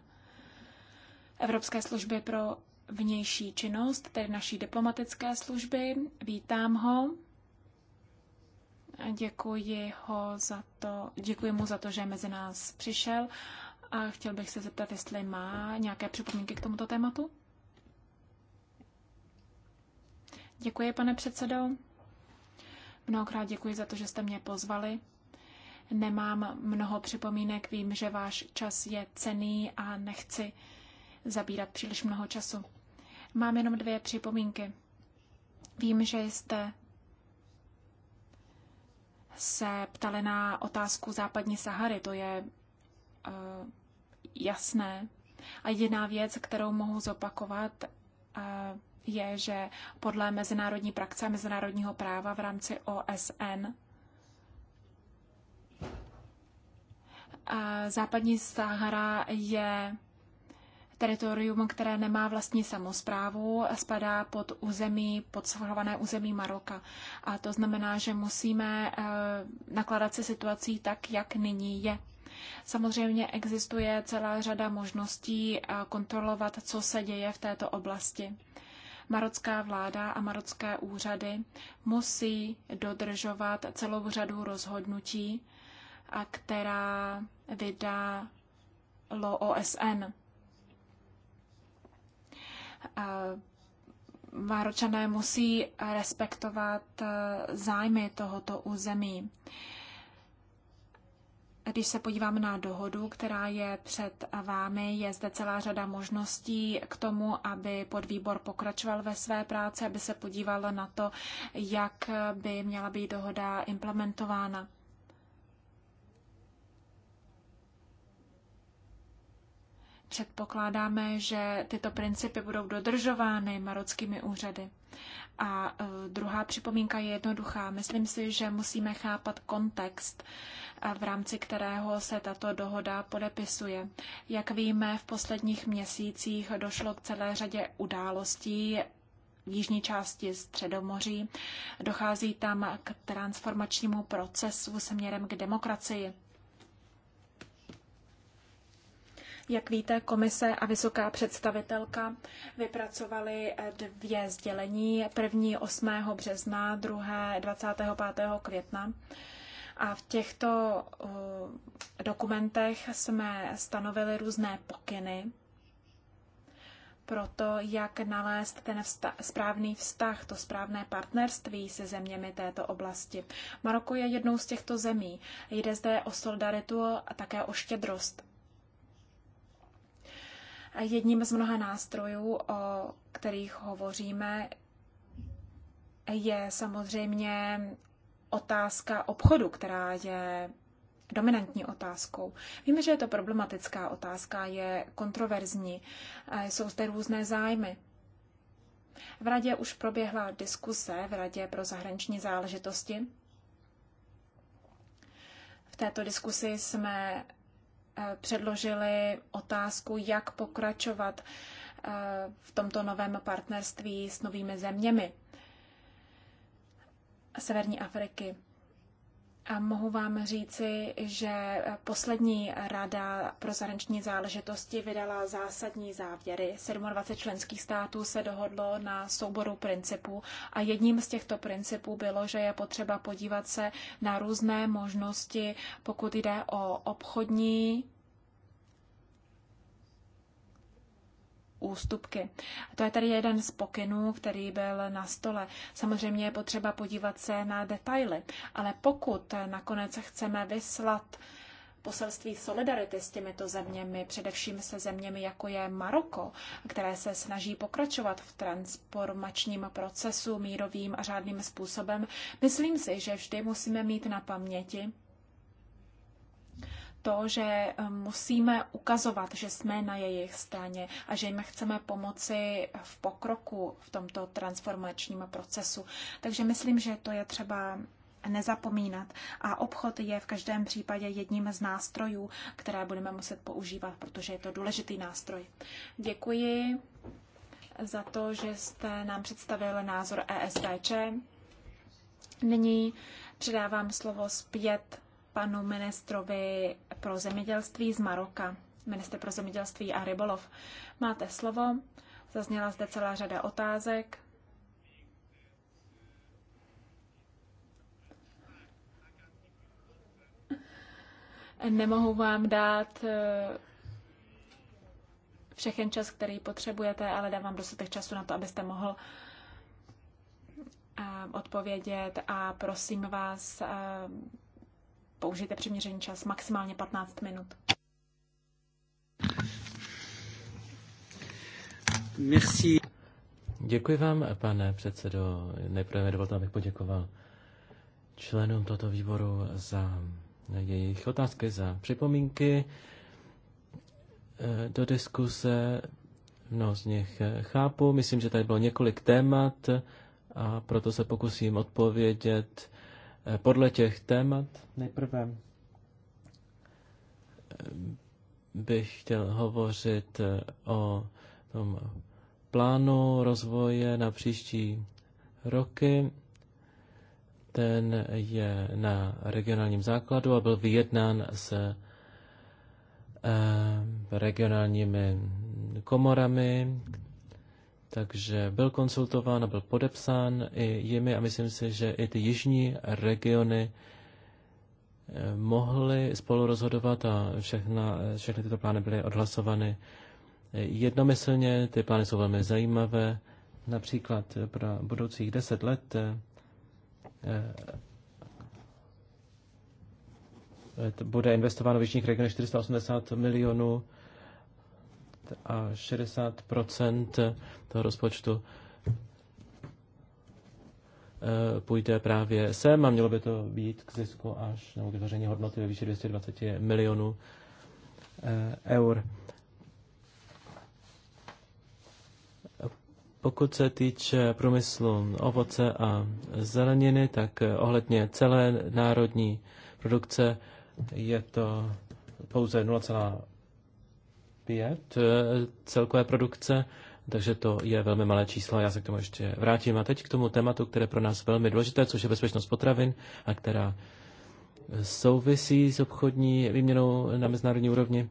Evropské služby pro vnější činnost, tedy naší diplomatické služby. Vítám ho. Děkuji, ho za to, děkuji mu za to, že mezi nás přišel a chtěl bych se zeptat, jestli má nějaké připomínky k tomuto tématu. Děkuji, pane předsedo. Mnohokrát děkuji za to, že jste mě pozvali. Nemám mnoho připomínek, vím, že váš čas je cený a nechci zabírat příliš mnoho času. Mám jenom dvě připomínky. Vím, že jste se ptali na otázku západní Sahary, to je uh, jasné. A jediná věc, kterou mohu zopakovat, uh, je, že podle mezinárodní praxe a mezinárodního práva v rámci OSN západní Sahara je teritorium, které nemá vlastní samozprávu, spadá pod území, pod svrchované území Maroka. A to znamená, že musíme eh, nakládat se situací tak, jak nyní je. Samozřejmě existuje celá řada možností eh, kontrolovat, co se děje v této oblasti. Marocká vláda a marocké úřady musí dodržovat celou řadu rozhodnutí, a která vydá lo OSN. A Maročané musí respektovat eh, zájmy tohoto území. Když se podívám na dohodu, která je před vámi, je zde celá řada možností k tomu, aby podvýbor pokračoval ve své práci, aby se podíval na to, jak by měla být dohoda implementována. Předpokládáme, že tyto principy budou dodržovány marockými úřady. A e, druhá připomínka je jednoduchá. Myslím si, že musíme chápat kontext v rámci kterého se tato dohoda podepisuje. Jak víme, v posledních měsících došlo k celé řadě událostí v jižní části Středomoří. Dochází tam k transformačnímu procesu směrem k demokracii. Jak víte, komise a vysoká představitelka vypracovali dvě sdělení, první 8. března, druhé 25. května. A v těchto uh, dokumentech jsme stanovili různé pokyny pro to, jak nalézt ten vztah, správný vztah, to správné partnerství se zeměmi této oblasti. Maroko je jednou z těchto zemí. Jde zde o solidaritu a také o štědrost. Jedním z mnoha nástrojů, o kterých hovoříme, je samozřejmě otázka obchodu, která je dominantní otázkou. Víme, že je to problematická otázka, je kontroverzní, jsou zde různé zájmy. V radě už proběhla diskuse v Radě pro zahraniční záležitosti. V této diskusi jsme e, předložili otázku, jak pokračovat e, v tomto novém partnerství s novými zeměmi. Severní Afriky. A mohu vám říci, že poslední rada pro zahraniční záležitosti vydala zásadní závěry. 27 členských států se dohodlo na souboru principů a jedním z těchto principů bylo, že je potřeba podívat se na různé možnosti, pokud jde o obchodní ústupky. To je tady jeden z pokynů, který byl na stole. Samozřejmě je potřeba podívat se na detaily, ale pokud nakonec chceme vyslat poselství solidarity s těmito zeměmi, především se zeměmi, jako je Maroko, které se snaží pokračovat v transformačním procesu mírovým a řádným způsobem, myslím si, že vždy musíme mít na paměti to, že eh, musíme ukazovat, že jsme na jejich straně a že jim chceme pomoci v pokroku v tomto transformačním procesu. Takže myslím, že to je třeba nezapomínat. A obchod je v každém případě jedním z nástrojů, které budeme muset používat, protože je to důležitý nástroj. Děkuji za to, že jste nám představil názor ESDČ. Nyní předávám slovo zpět panu ministrovi pro zemědělství z Maroka, minister pro zemědělství a rybolov. Máte slovo, zazněla zde celá řada otázek. Nemohu vám dát eh, všechen čas, který potřebujete, ale dávám dostatek času na to, abyste mohl eh, odpovědět a prosím vás, eh, použijte přiměřený čas, maximálně 15 minut. Merci. Děkuji vám, pane předsedo. Nejprve dovolte, abych poděkoval členům tohoto výboru za jejich otázky, za připomínky eh, do diskuse. Mnoho z nich eh, chápu. Myslím, že tady bylo několik témat a proto se pokusím odpovědět Eh, podle těch témat. Nejprve eh, bych chtěl hovořit eh, o tom plánu rozvoje na příští roky. Ten je na regionálním základu a byl vyjednán se regionálními komorami, takže byl konsultován a byl podepsán i jimi a myslím si, že i ty jižní regiony eh, mohly spolu rozhodovat a všechna, všechny tyto plány byly odhlasovány eh, jednomyslně. Ty plány jsou velmi zajímavé. Například pro budoucích deset let eh, bude investováno v jižních regionech 480 milionů a 60 toho rozpočtu eh, půjde právě sem a mělo by to být k zisku až nebo k vytvoření hodnoty ve výši 220 milionů eh, eur. Pokud se týče průmyslu ovoce a zeleniny, tak eh, ohledně celé národní produkce je to pouze 5 eh, celkové produkce, takže to je velmi malé číslo, já se k tomu ještě vrátím. A teď k tomu tématu, které je pro nás velmi důležité, což je bezpečnost potravin a která eh, souvisí s obchodní výměnou na mezinárodní úrovni.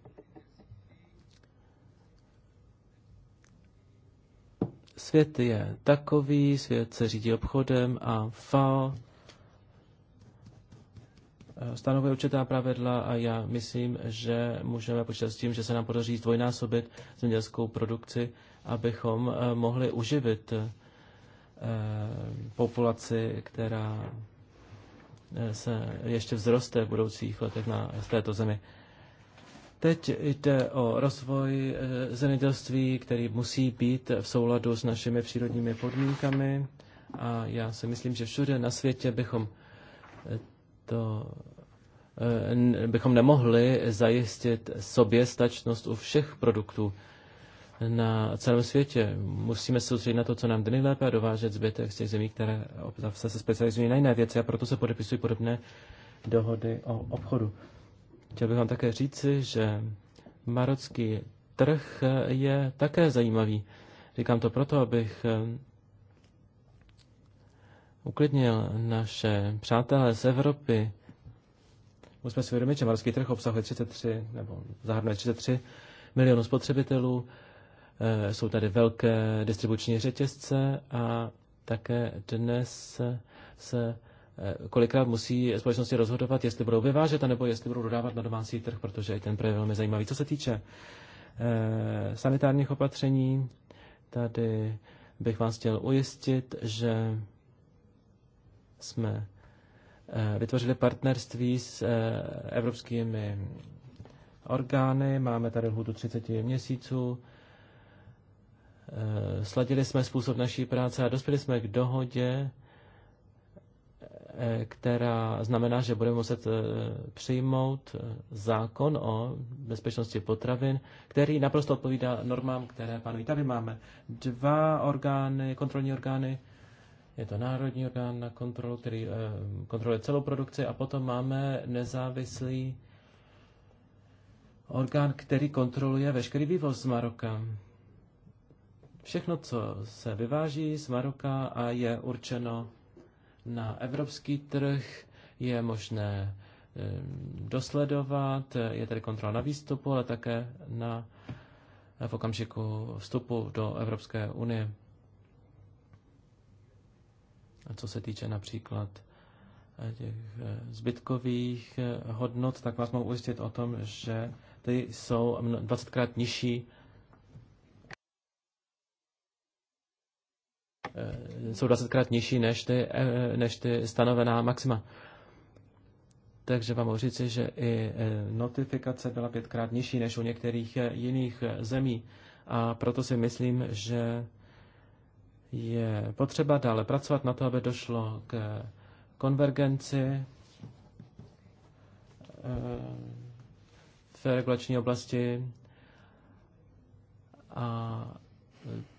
Svět je takový, svět se řídí obchodem a FAO Eh, stanovuje určitá pravidla a já myslím, že můžeme počítat s tím, že se nám podaří zdvojnásobit zemědělskou produkci, abychom eh, mohli uživit eh, populaci, která se ještě vzroste v budoucích letech na, této zemi. Teď jde o rozvoj zemědělství, který musí být v souladu s našimi přírodními podmínkami a já si myslím, že všude na světě bychom to eh, bychom nemohli zajistit soběstačnost u všech produktů na celém světě. Musíme se soustředit na to, co nám jde lépe a dovážet zbytek z těch zemí, které se specializují na jiné věci a proto se podepisují podobné dohody o obchodu. Chtěl bych vám také říci, že marocký trh je také zajímavý. Říkám to proto, abych eh, uklidnil naše přátelé z Evropy. Musíme si uvědomit, že marský trh obsahuje 33, nebo zahrnuje 33 milionů spotřebitelů. Eh, jsou tady velké distribuční řetězce a také dnes se eh, kolikrát musí společnosti rozhodovat, jestli budou vyvážet, nebo jestli budou dodávat na domácí trh, protože i ten projev je velmi zajímavý. Co se týče eh, sanitárních opatření, tady bych vás chtěl ujistit, že jsme eh, vytvořili partnerství s eh, evropskými orgány, máme tady lhutu 30 měsíců, eh, sladili jsme způsob naší práce a dospěli jsme k dohodě, která znamená, že budeme muset přijmout zákon o bezpečnosti potravin, který naprosto odpovídá normám, které panují. Tady máme dva orgány, kontrolní orgány, je to národní orgán na kontrolu, který eh, kontroluje celou produkci a potom máme nezávislý orgán, který kontroluje veškerý vývoz z Maroka. Všechno, co se vyváží z Maroka a je určeno na evropský trh, je možné eh, dosledovat, je tady kontrola na výstupu, ale také na, v okamžiku vstupu do Evropské unie co se týče například eh, těch eh, zbytkových eh, hodnot, tak vás mohu ujistit o tom, že ty jsou 20krát nižší jsou 20krát nižší než ty, než ty stanovená maxima. Takže vám mohu říci, že i notifikace byla pětkrát nižší než u některých jiných zemí. A proto si myslím, že je potřeba dále pracovat na to, aby došlo k konvergenci eh, v regulační oblasti a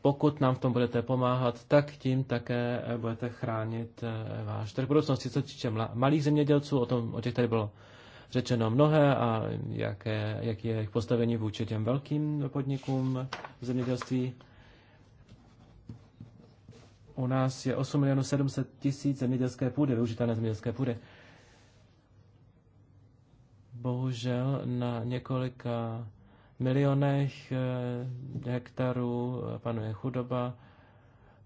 pokud nám v tom budete pomáhat, tak tím také eh, budete chránit eh, váš trh budoucnosti. Co týče malých zemědělců, o, tom, o těch tady bylo řečeno mnohé a jaké, jak je jejich postavení vůči těm velkým podnikům v zemědělství. U nás je 8 milionů 700 tisíc zemědělské půdy, využitelné zemědělské půdy. Bohužel na několika milionech eh, hektarů eh, panuje chudoba,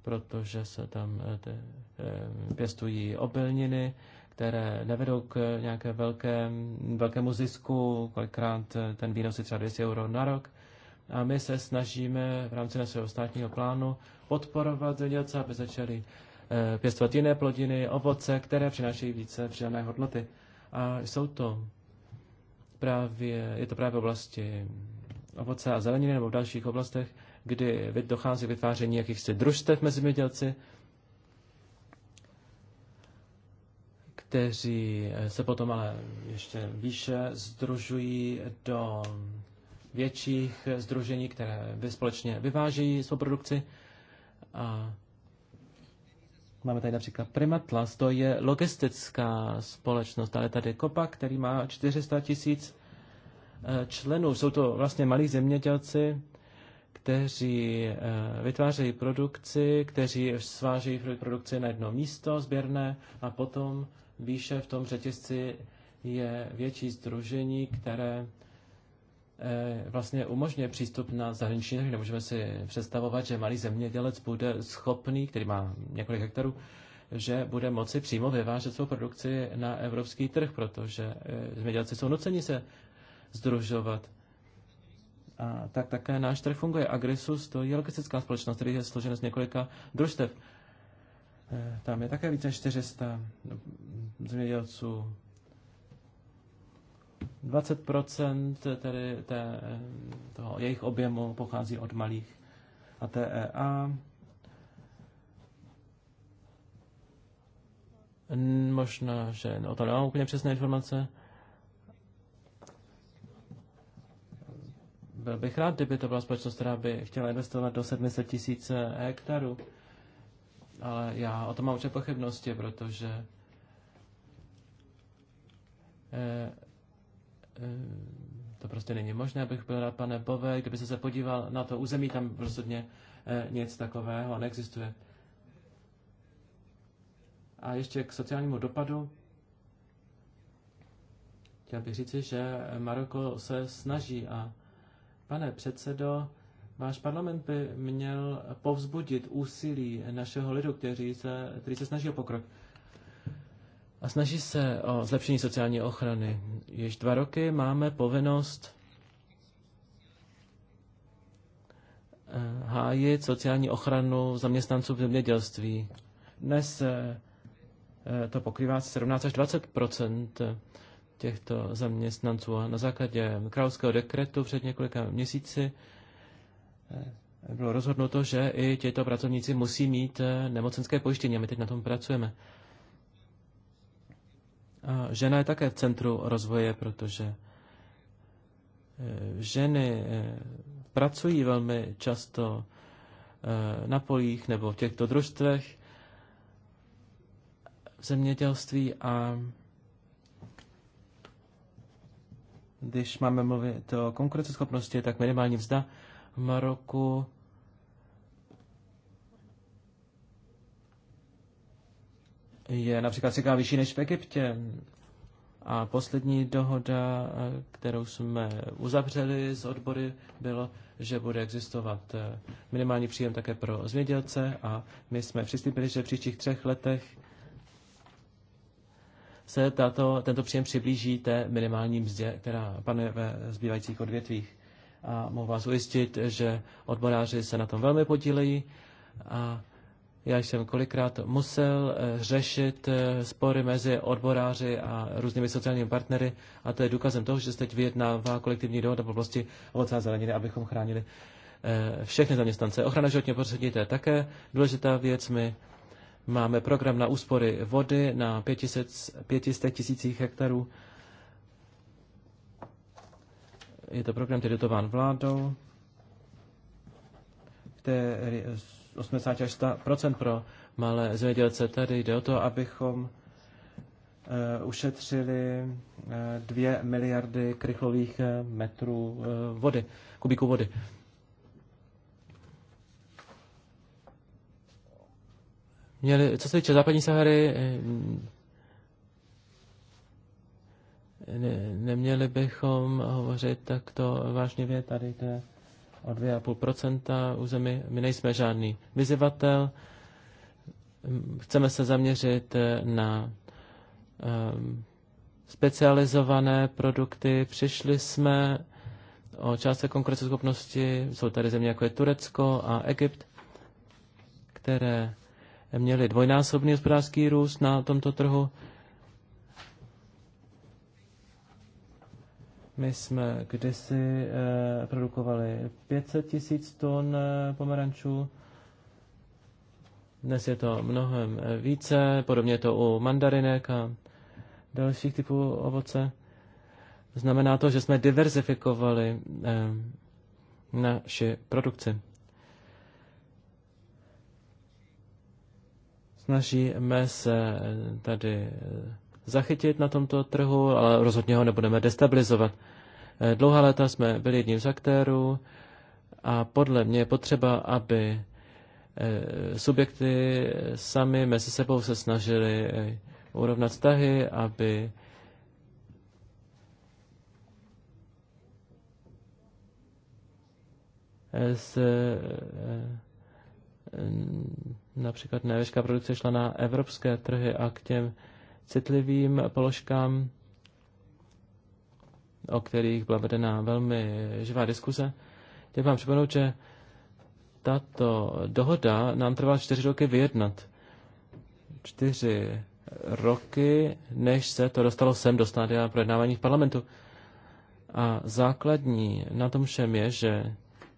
protože se tam eh, pěstují obilniny, které nevedou k nějaké velké, velkému zisku, kolikrát ten výnos je třeba 200 euro na rok a my se snažíme v rámci našeho státního plánu podporovat zemědělce, aby začali eh, pěstovat jiné plodiny, ovoce, které přinášejí více přidané hodnoty. A jsou to právě, je to právě v oblasti ovoce a zeleniny nebo v dalších oblastech, kdy dochází k vytváření jakýchsi družstev mezi zemědělci, kteří eh, se potom ale ještě výše združují do větších združení, které by společně vyvážejí svou produkci. A máme tady například Primatlas, to je logistická společnost, ale tady Kopa, který má 400 tisíc eh, členů. Jsou to vlastně malí zemědělci, kteří eh, vytvářejí produkci, kteří svážejí produkci na jedno místo sběrné a potom výše v tom řetězci je větší združení, které Eh, vlastně umožňuje přístup na zahraniční trhy. Nemůžeme si představovat, že malý zemědělec bude schopný, který má několik hektarů, že bude moci přímo vyvážet svou produkci na evropský trh, protože eh, zemědělci jsou nuceni se združovat. A tak také náš trh funguje. Agrisus to je logistická společnost, který je složen z několika družstev. Eh, tam je také více než 400 no, zemědělců, 20% tedy té, toho jejich objemu pochází od malých ATEA. E Možná, že no, to nemám úplně přesné informace. Byl bych rád, kdyby to byla společnost, která by chtěla investovat do 700 tisíc hektarů. Ale já o tom mám určitě pochybnosti, protože eh, Eh, to prostě není možné, abych byl rád, pane Bové, kdyby se podíval na to území, tam prostě nic takového neexistuje. A ještě k sociálnímu dopadu. Chtěl bych říci, že Maroko se snaží a pane předsedo, váš parlament by měl povzbudit úsilí našeho lidu, který se, který se snaží o pokrok a snaží se o zlepšení sociální ochrany. Již dva roky máme povinnost eh, hájit sociální ochranu zaměstnanců v zemědělství. Dnes eh, eh, to pokrývá 17 až 20 těchto zaměstnanců. A na základě královského dekretu před několika měsíci bylo rozhodnuto, že i těto pracovníci musí mít nemocenské pojištění a my teď na tom pracujeme žena je také v centru rozvoje, protože e, ženy e, pracují velmi často e, na polích nebo v těchto družstvech v zemědělství a když máme mluvit o konkurenceschopnosti, tak minimální vzda v Maroku je například cika vyšší než v Egyptě. A poslední dohoda, kterou jsme uzavřeli s odbory, bylo, že bude existovat eh, minimální příjem také pro zvědělce a my jsme přistýpili, že v příštích třech letech se tato, tento příjem přiblíží té minimální mzdě, která panuje ve zbývajících odvětvích. A mohu vás ujistit, že odboráři se na tom velmi podílejí a já jsem kolikrát musel eh, řešit eh, spory mezi odboráři a různými sociálními partnery a to je důkazem toho, že se teď vyjednává kolektivní dohoda v oblasti ovoce a zeleniny, abychom chránili eh, všechny zaměstnance. Ochrana životního prostředí to je také důležitá věc. My máme program na úspory vody na 500, 500 tisících hektarů. Je to program, který je dotován vládou, který 80 až 100 pro malé zemědělce. Tady jde o to, abychom eh, ušetřili 2 eh, miliardy krychlových eh, metrů vody, kubíků vody. Měli, co se týče západní Sahary, ne, neměli bychom hovořit takto vážně tady jde o 2,5 území. My nejsme žádný vyzývatel. Chceme se zaměřit eh, na um, specializované produkty. Přišli jsme o částce konkurenceschopnosti. Jsou tady země jako je Turecko a Egypt, které měly dvojnásobný hospodářský růst na tomto trhu. My jsme kdysi eh, produkovali 500 tisíc tun eh, pomerančů, dnes je to mnohem eh, více, podobně je to u mandarinek a dalších typů ovoce. Znamená to, že jsme diverzifikovali naši produkci. Snažíme se tady zachytit na tomto trhu, ale rozhodně ho nebudeme destabilizovat. Eh, dlouhá léta jsme byli jedním z aktérů a podle mě je potřeba, aby eh, subjekty sami mezi sebou se snažili eh, urovnat vztahy, aby se například nevěřská produkce šla na evropské trhy a k těm citlivým položkám, o kterých byla vedena velmi živá diskuze. Chtěl vám připomenout, že tato dohoda nám trvala čtyři roky vyjednat. Čtyři roky, než se to dostalo sem do stádia projednávání v parlamentu. A základní na tom všem je, že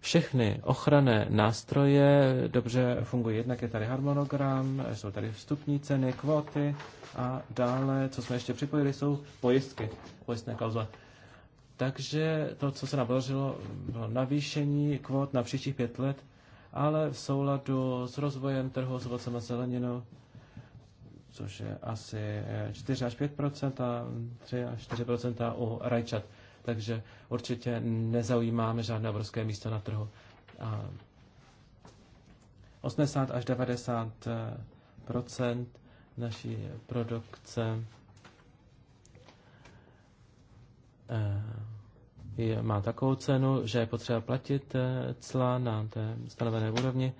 všechny ochranné nástroje dobře fungují. Jednak je tady harmonogram, jsou tady vstupní ceny, kvóty a dále, co jsme ještě připojili, jsou pojistky, pojistné klauzule. Takže to, co se nám podařilo, bylo navýšení kvót na příštích pět let, ale v souladu s rozvojem trhu s ovocem a zeleninou, což je asi 4 až 5 a 3 až 4 u rajčat takže určitě nezaujímáme žádné obrovské místo na trhu. A 80 až 90 eh, naší produkce eh, je, má takovou cenu, že je potřeba platit eh, cla na té stanovené úrovni.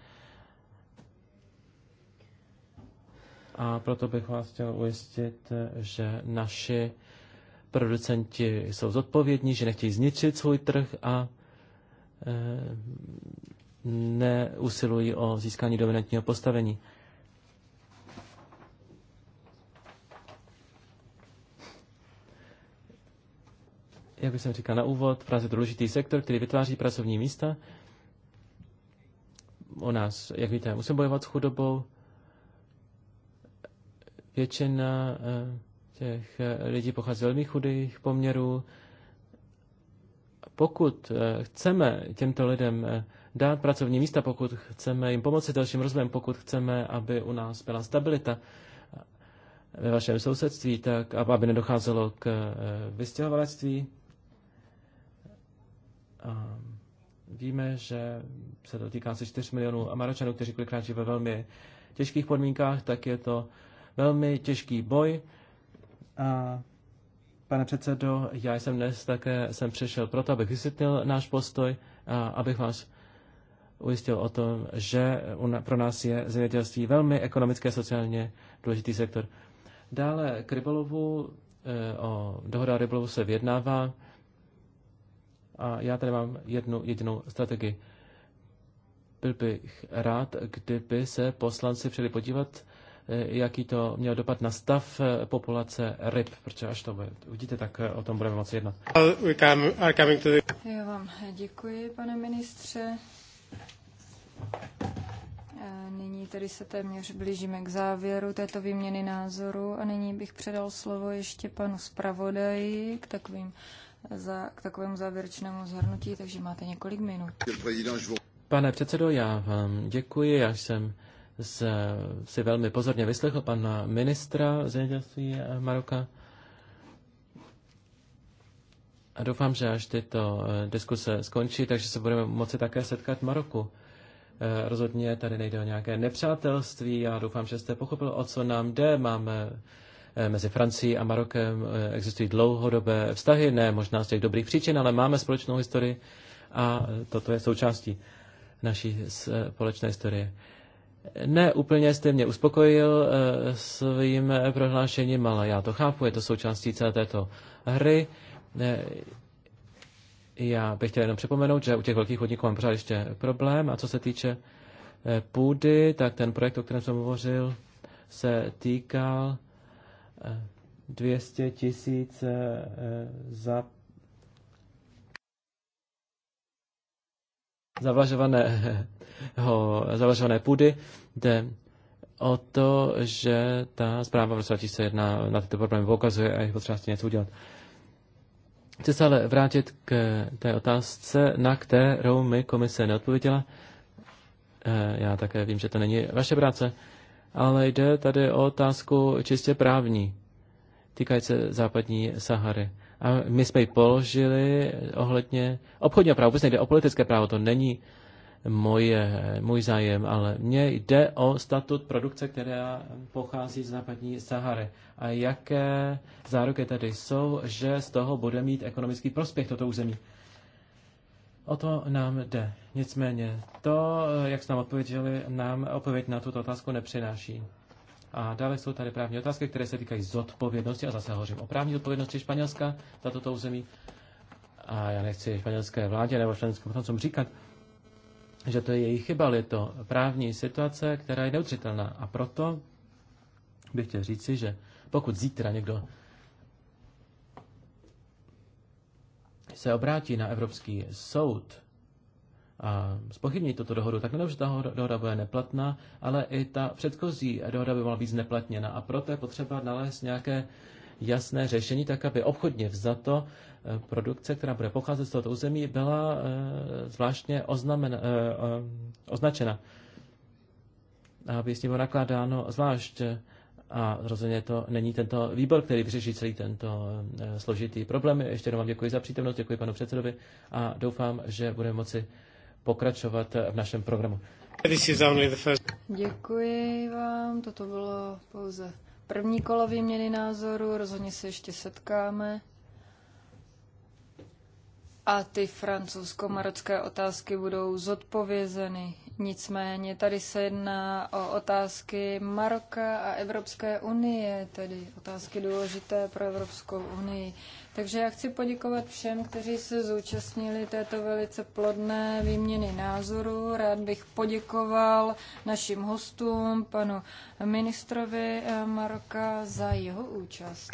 A proto bych vás chtěl ujistit, že naši producenti jsou zodpovědní, že nechtějí zničit svůj trh a e, neusilují o získání dominantního postavení. Jak bych jsem říkal na úvod, Francie je důležitý sektor, který vytváří pracovní místa. U nás, jak víte, musíme bojovat s chudobou. Většina e, těch eh, lidí pochází z velmi chudých poměrů. Pokud eh, chceme těmto lidem eh, dát pracovní místa, pokud chceme jim pomoci dalším rozvojem, pokud chceme, aby u nás byla stabilita ve vašem sousedství, tak aby nedocházelo k vystěhovalectví. A víme, že se to týká se 4 milionů Maročanů, kteří kolikrát žijí ve velmi těžkých podmínkách, tak je to velmi těžký boj a pane předsedo, já jsem dnes také jsem přišel proto, abych vysvětlil náš postoj a abych vás ujistil o tom, že pro nás je zemědělství velmi ekonomicky a sociálně důležitý sektor. Dále k rybolovu, e, o dohoda o rybolovu se vyjednává a já tady mám jednu jedinou strategii. Byl bych rád, kdyby se poslanci přijeli podívat Eh, jaký to měl dopad na stav eh, populace ryb, protože až to bude, uvidíte, tak eh, o tom budeme moc jednat. Já vám děkuji, pane ministře. Nyní tedy se téměř blížíme k závěru této výměny názoru a nyní bych předal slovo ještě panu zpravodaji k takovým za, k takovému závěrečnému zhrnutí, takže máte několik minut. Pane předsedo, já vám děkuji, já jsem si velmi pozorně vyslechl pana ministra zemědělství Maroka. A doufám, že až tyto eh, diskuse skončí, takže se budeme moci také setkat v Maroku. Eh, rozhodně tady nejde o nějaké nepřátelství. Já doufám, že jste pochopil, o co nám jde. Máme eh, mezi Francií a Marokem existují dlouhodobé vztahy, ne možná z těch dobrých příčin, ale máme společnou historii a toto je součástí naší společné historie ne úplně jste mě uspokojil eh, svým eh, prohlášením, ale já to chápu, je to součástí celé této hry. Eh, já bych chtěl jenom připomenout, že u těch velkých hodníků mám pořád ještě problém. A co se týče půdy, tak ten projekt, o kterém jsem hovořil, se týkal 200 tisíc za zavlažovaného, zavlažované půdy, jde o to, že ta zpráva v roce 2001 na tyto problémy poukazuje a je potřeba s tím něco udělat. Chci se ale vrátit k té otázce, na kterou mi komise neodpověděla. Eh, já také vím, že to není vaše práce, ale jde tady o otázku čistě právní, týkající se západní Sahary. A my jsme ji položili ohledně obchodního práva. Vůbec nejde o politické právo, to není moje, můj zájem, ale mně jde o statut produkce, která pochází z západní Sahary. A jaké záruky tady jsou, že z toho bude mít ekonomický prospěch toto území. O to nám jde. Nicméně to, jak jste nám odpověděli, nám odpověď na tuto otázku nepřináší. A dále jsou tady právní otázky, které se týkají zodpovědnosti, a zase hovořím o právní zodpovědnosti Španělska za toto území. A já nechci španělské vládě nebo španělským francům říkat, že to je jejich chyba, ale je to právní situace, která je neutřitelná. A proto bych chtěl říci, že pokud zítra někdo se obrátí na Evropský soud a tuto dohodu, tak nejenom, že ta dohoda bude neplatná, ale i ta předchozí dohoda by mohla být zneplatněna. A proto je potřeba nalézt nějaké jasné řešení, tak aby obchodně vzato eh, produkce, která bude pocházet z tohoto území, byla eh, zvláštně oznamen, eh, označena. Aby s ním bylo nakládáno zvlášť. A rozhodně to není tento výbor, který vyřeší celý tento složitý problém. Ještě jednou vám děkuji za přítomnost, děkuji panu předsedovi a doufám, že budeme moci pokračovat v našem programu. Děkuji vám, toto bylo pouze první kolo výměny názoru, rozhodně se ještě setkáme. A ty francouzsko-marocké otázky budou zodpovězeny Nicméně tady se jedná o otázky Maroka a Evropské unie, tedy otázky důležité pro Evropskou unii. Takže já chci poděkovat všem, kteří se zúčastnili této velice plodné výměny názorů. Rád bych poděkoval našim hostům, panu ministrovi eh, Maroka za jeho účast.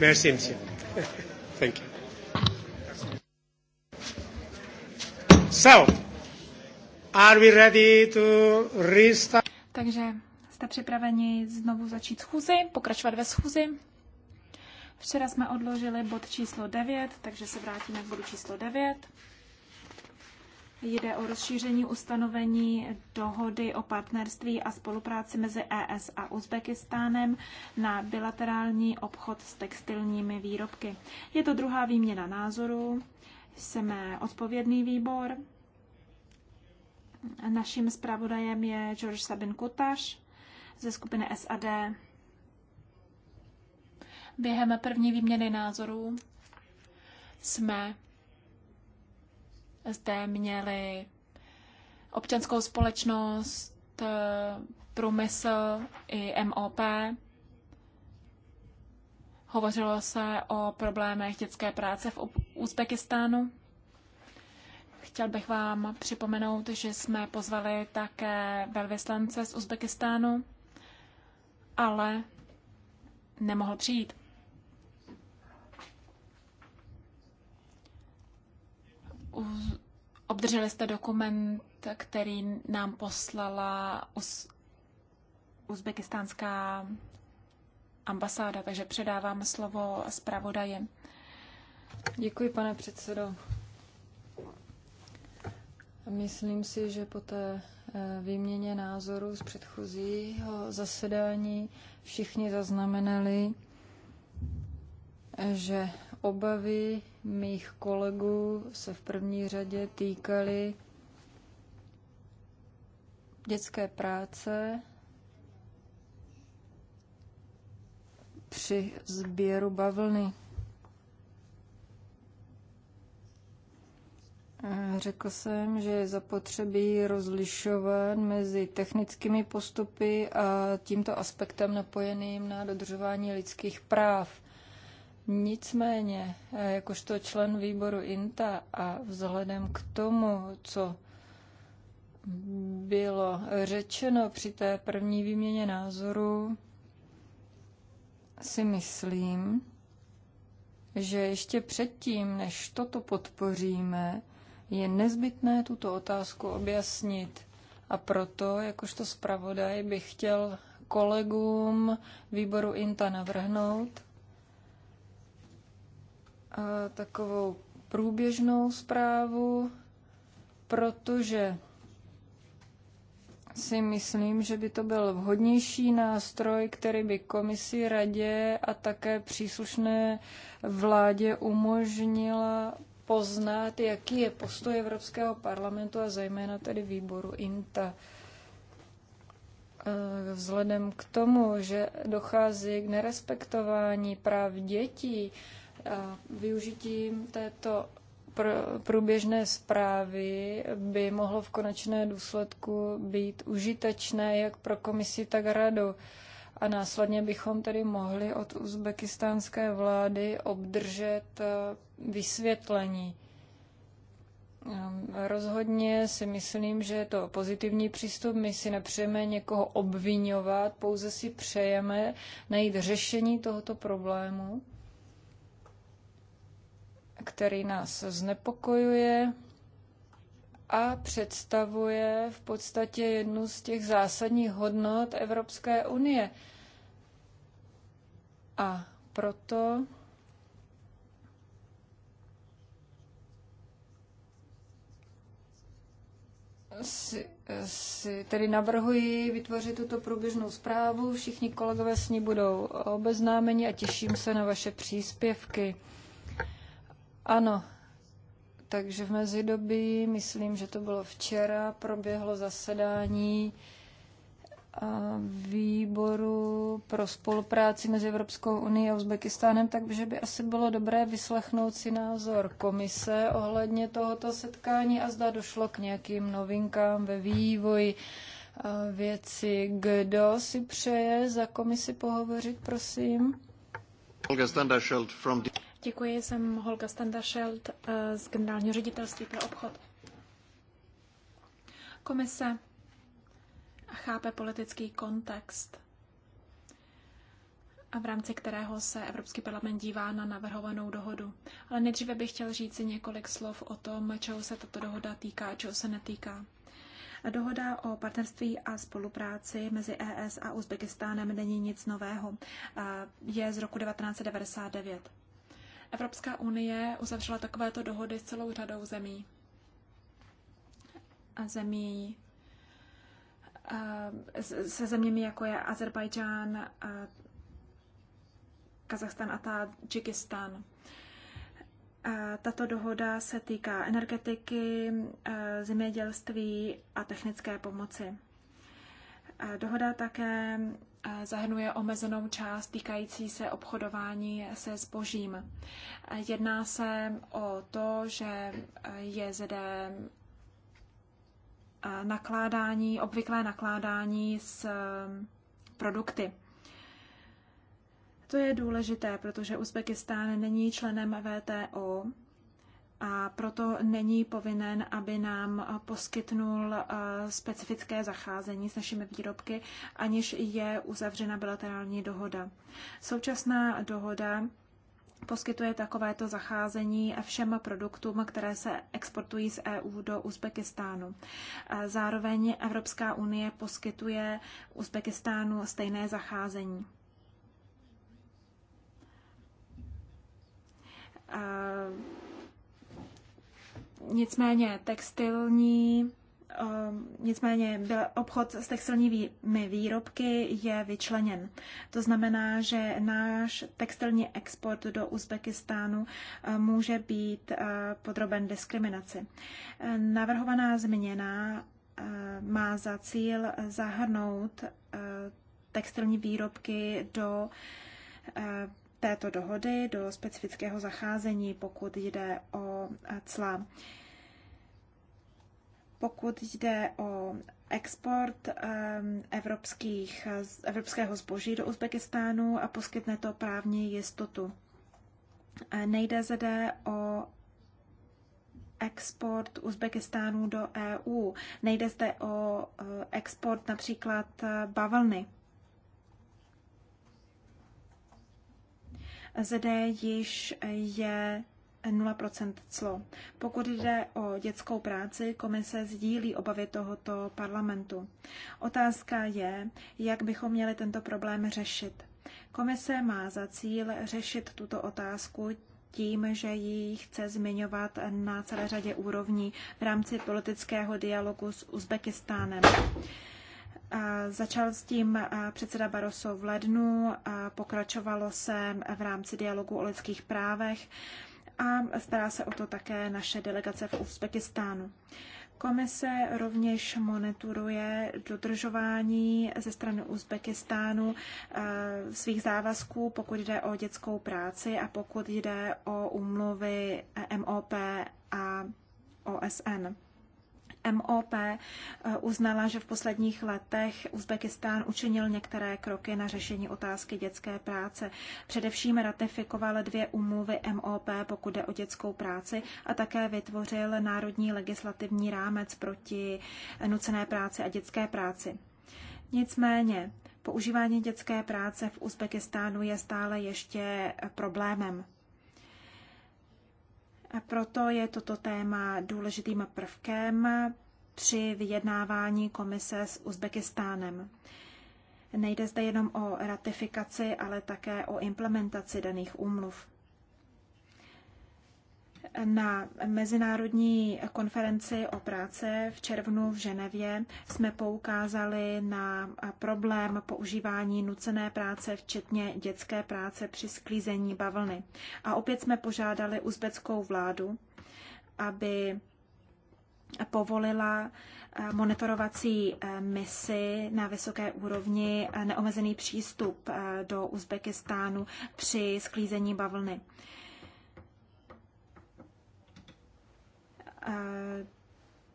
Merci, monsieur. Thank you. So, are we ready to restart? Takže jste připraveni znovu začít schůzi, pokračovat ve schůzi? Včera jsme odložili bod číslo 9, takže se vrátíme k bodu číslo 9. Jde o rozšíření ustanovení dohody o partnerství a spolupráci mezi ES a Uzbekistánem na bilaterální obchod s textilními výrobky. Je to druhá výměna názorů. Jsme odpovědný výbor. Naším zpravodajem je George Sabin Kutaš ze skupiny SAD. Během první výměny názorů jsme zde měli občanskou společnost, eh, průmysl i MOP. Hovořilo se o problémech dětské práce v Uzbekistánu. Chtěl bych vám připomenout, že jsme pozvali také velvyslance z Uzbekistánu, ale nemohl přijít. Obdrželi jste dokument, který nám poslala uz, uzbekistánská ambasáda, takže předávám slovo zpravodaji. Děkuji, pane předsedo. Myslím si, že po té eh, výměně názorů z předchozího zasedání všichni zaznamenali, že Obavy mých kolegů se v první řadě týkaly dětské práce při sběru bavlny. Řekl jsem, že je zapotřebí rozlišovat mezi technickými postupy a tímto aspektem napojeným na dodržování lidských práv. Nicméně, eh, jakožto člen výboru INTA a vzhledem k tomu, co bylo řečeno při té první výměně názoru, si myslím, že ještě předtím, než toto podpoříme, je nezbytné tuto otázku objasnit. A proto, jakožto zpravodaj, bych chtěl kolegům výboru INTA navrhnout, Eh, takovou průběžnou zprávu, protože si myslím, že by to byl vhodnější nástroj, který by komisi, radě a také příslušné vládě umožnila poznat, jaký je postoj Evropského parlamentu a zejména tedy výboru INTA. Eh, vzhledem k tomu, že dochází k nerespektování práv dětí, Využitím této průběžné zprávy by mohlo v konečné důsledku být užitečné jak pro komisi, tak radu. A následně bychom tedy mohli od uzbekistánské vlády obdržet e, vysvětlení. Ehm, rozhodně si myslím, že je to pozitivní přístup. My si nepřejeme někoho obvinovat, pouze si přejeme najít řešení tohoto problému který nás znepokojuje a představuje v podstatě jednu z těch zásadních hodnot Evropské unie. A proto si, si tedy navrhuji vytvořit tuto průběžnou zprávu. Všichni kolegové s ní budou obeznámeni a těším se na vaše příspěvky. Ano, takže v mezidobí, myslím, že to bylo včera, proběhlo zasedání výboru pro spolupráci mezi Evropskou unii a Uzbekistánem, takže by asi bylo dobré vyslechnout si názor komise ohledně tohoto setkání a zda došlo k nějakým novinkám ve vývoji věci. Kdo si přeje za komisi pohovořit, prosím? Olga from the... Děkuji, jsem Holga Standašelt eh, z Generálního ředitelství pro obchod. Komise chápe politický kontext, a v rámci kterého se Evropský parlament dívá na navrhovanou dohodu. Ale nejdříve bych chtěl říct několik slov o tom, čeho se tato dohoda týká a čeho se netýká. Dohoda o partnerství a spolupráci mezi ES a Uzbekistánem není nic nového. Eh, je z roku 1999. Evropská unie uzavřela takovéto dohody s celou řadou zemí. A zemí eh, se zeměmi, jako je Azerbajdžán, eh, Kazachstan a Tadžikistán. Eh, tato dohoda se týká energetiky, zemědělství a technické pomoci. Dohoda také zahrnuje omezenou část týkající se obchodování se zbožím. Jedná se o to, že je zde nakládání, obvyklé nakládání s produkty. To je důležité, protože Uzbekistán není členem VTO a proto není povinen, aby nám eh, poskytnul eh, specifické zacházení s našimi výrobky, aniž je uzavřena bilaterální dohoda. Současná dohoda poskytuje takovéto zacházení všem produktům, které se exportují z EU do Uzbekistánu. Eh, zároveň Evropská unie poskytuje Uzbekistánu stejné zacházení. Uh... Nicméně textilní, ehm, nicméně byl obchod s textilními výrobky je vyčleněn. To znamená, že náš textilní export do Uzbekistánu eh, může být eh, podroben diskriminaci. Eh, navrhovaná změna má za cíl zahrnout textilní výrobky do této dohody do specifického zacházení, pokud jde o cla. Pokud jde o export ehm, evropských, evropského zboží do Uzbekistánu a poskytne to právní jistotu. Eh, nejde zde o export Uzbekistánu do EU. Nejde zde o eh, export například eh, bavlny. zde již je 0% clo. Pokud jde o dětskou práci, komise sdílí obavy tohoto parlamentu. Otázka je, jak bychom měli tento problém řešit. Komise má za cíl řešit tuto otázku tím, že ji chce zmiňovat na celé řadě úrovní v rámci politického dialogu s Uzbekistánem. Začal s tím předseda Barroso v lednu, pokračovalo se v rámci dialogu o lidských právech a stará se o to také naše delegace v Uzbekistánu. Komise rovněž monitoruje dodržování ze strany Uzbekistánu svých závazků, pokud jde o dětskou práci a pokud jde o umluvy MOP a OSN. MOP eh, uznala, že v posledních letech Uzbekistán učinil některé kroky na řešení otázky dětské práce. Především ratifikoval dvě umluvy MOP, pokud jde o dětskou práci, a také vytvořil národní legislativní rámec proti nucené práci a dětské práci. Nicméně, používání dětské práce v Uzbekistánu je stále ještě problémem. A proto je toto téma důležitým prvkem při vyjednávání komise s Uzbekistánem. Nejde zde jenom o ratifikaci, ale také o implementaci daných úmluv. Na mezinárodní konferenci o práce v červnu v Ženevě jsme poukázali na problém používání nucené práce, včetně dětské práce při sklízení bavlny. A opět jsme požádali uzbeckou vládu, aby povolila eh, monitorovací eh, misi na vysoké úrovni eh, neomezený přístup do Uzbekistánu při sklízení bavlny.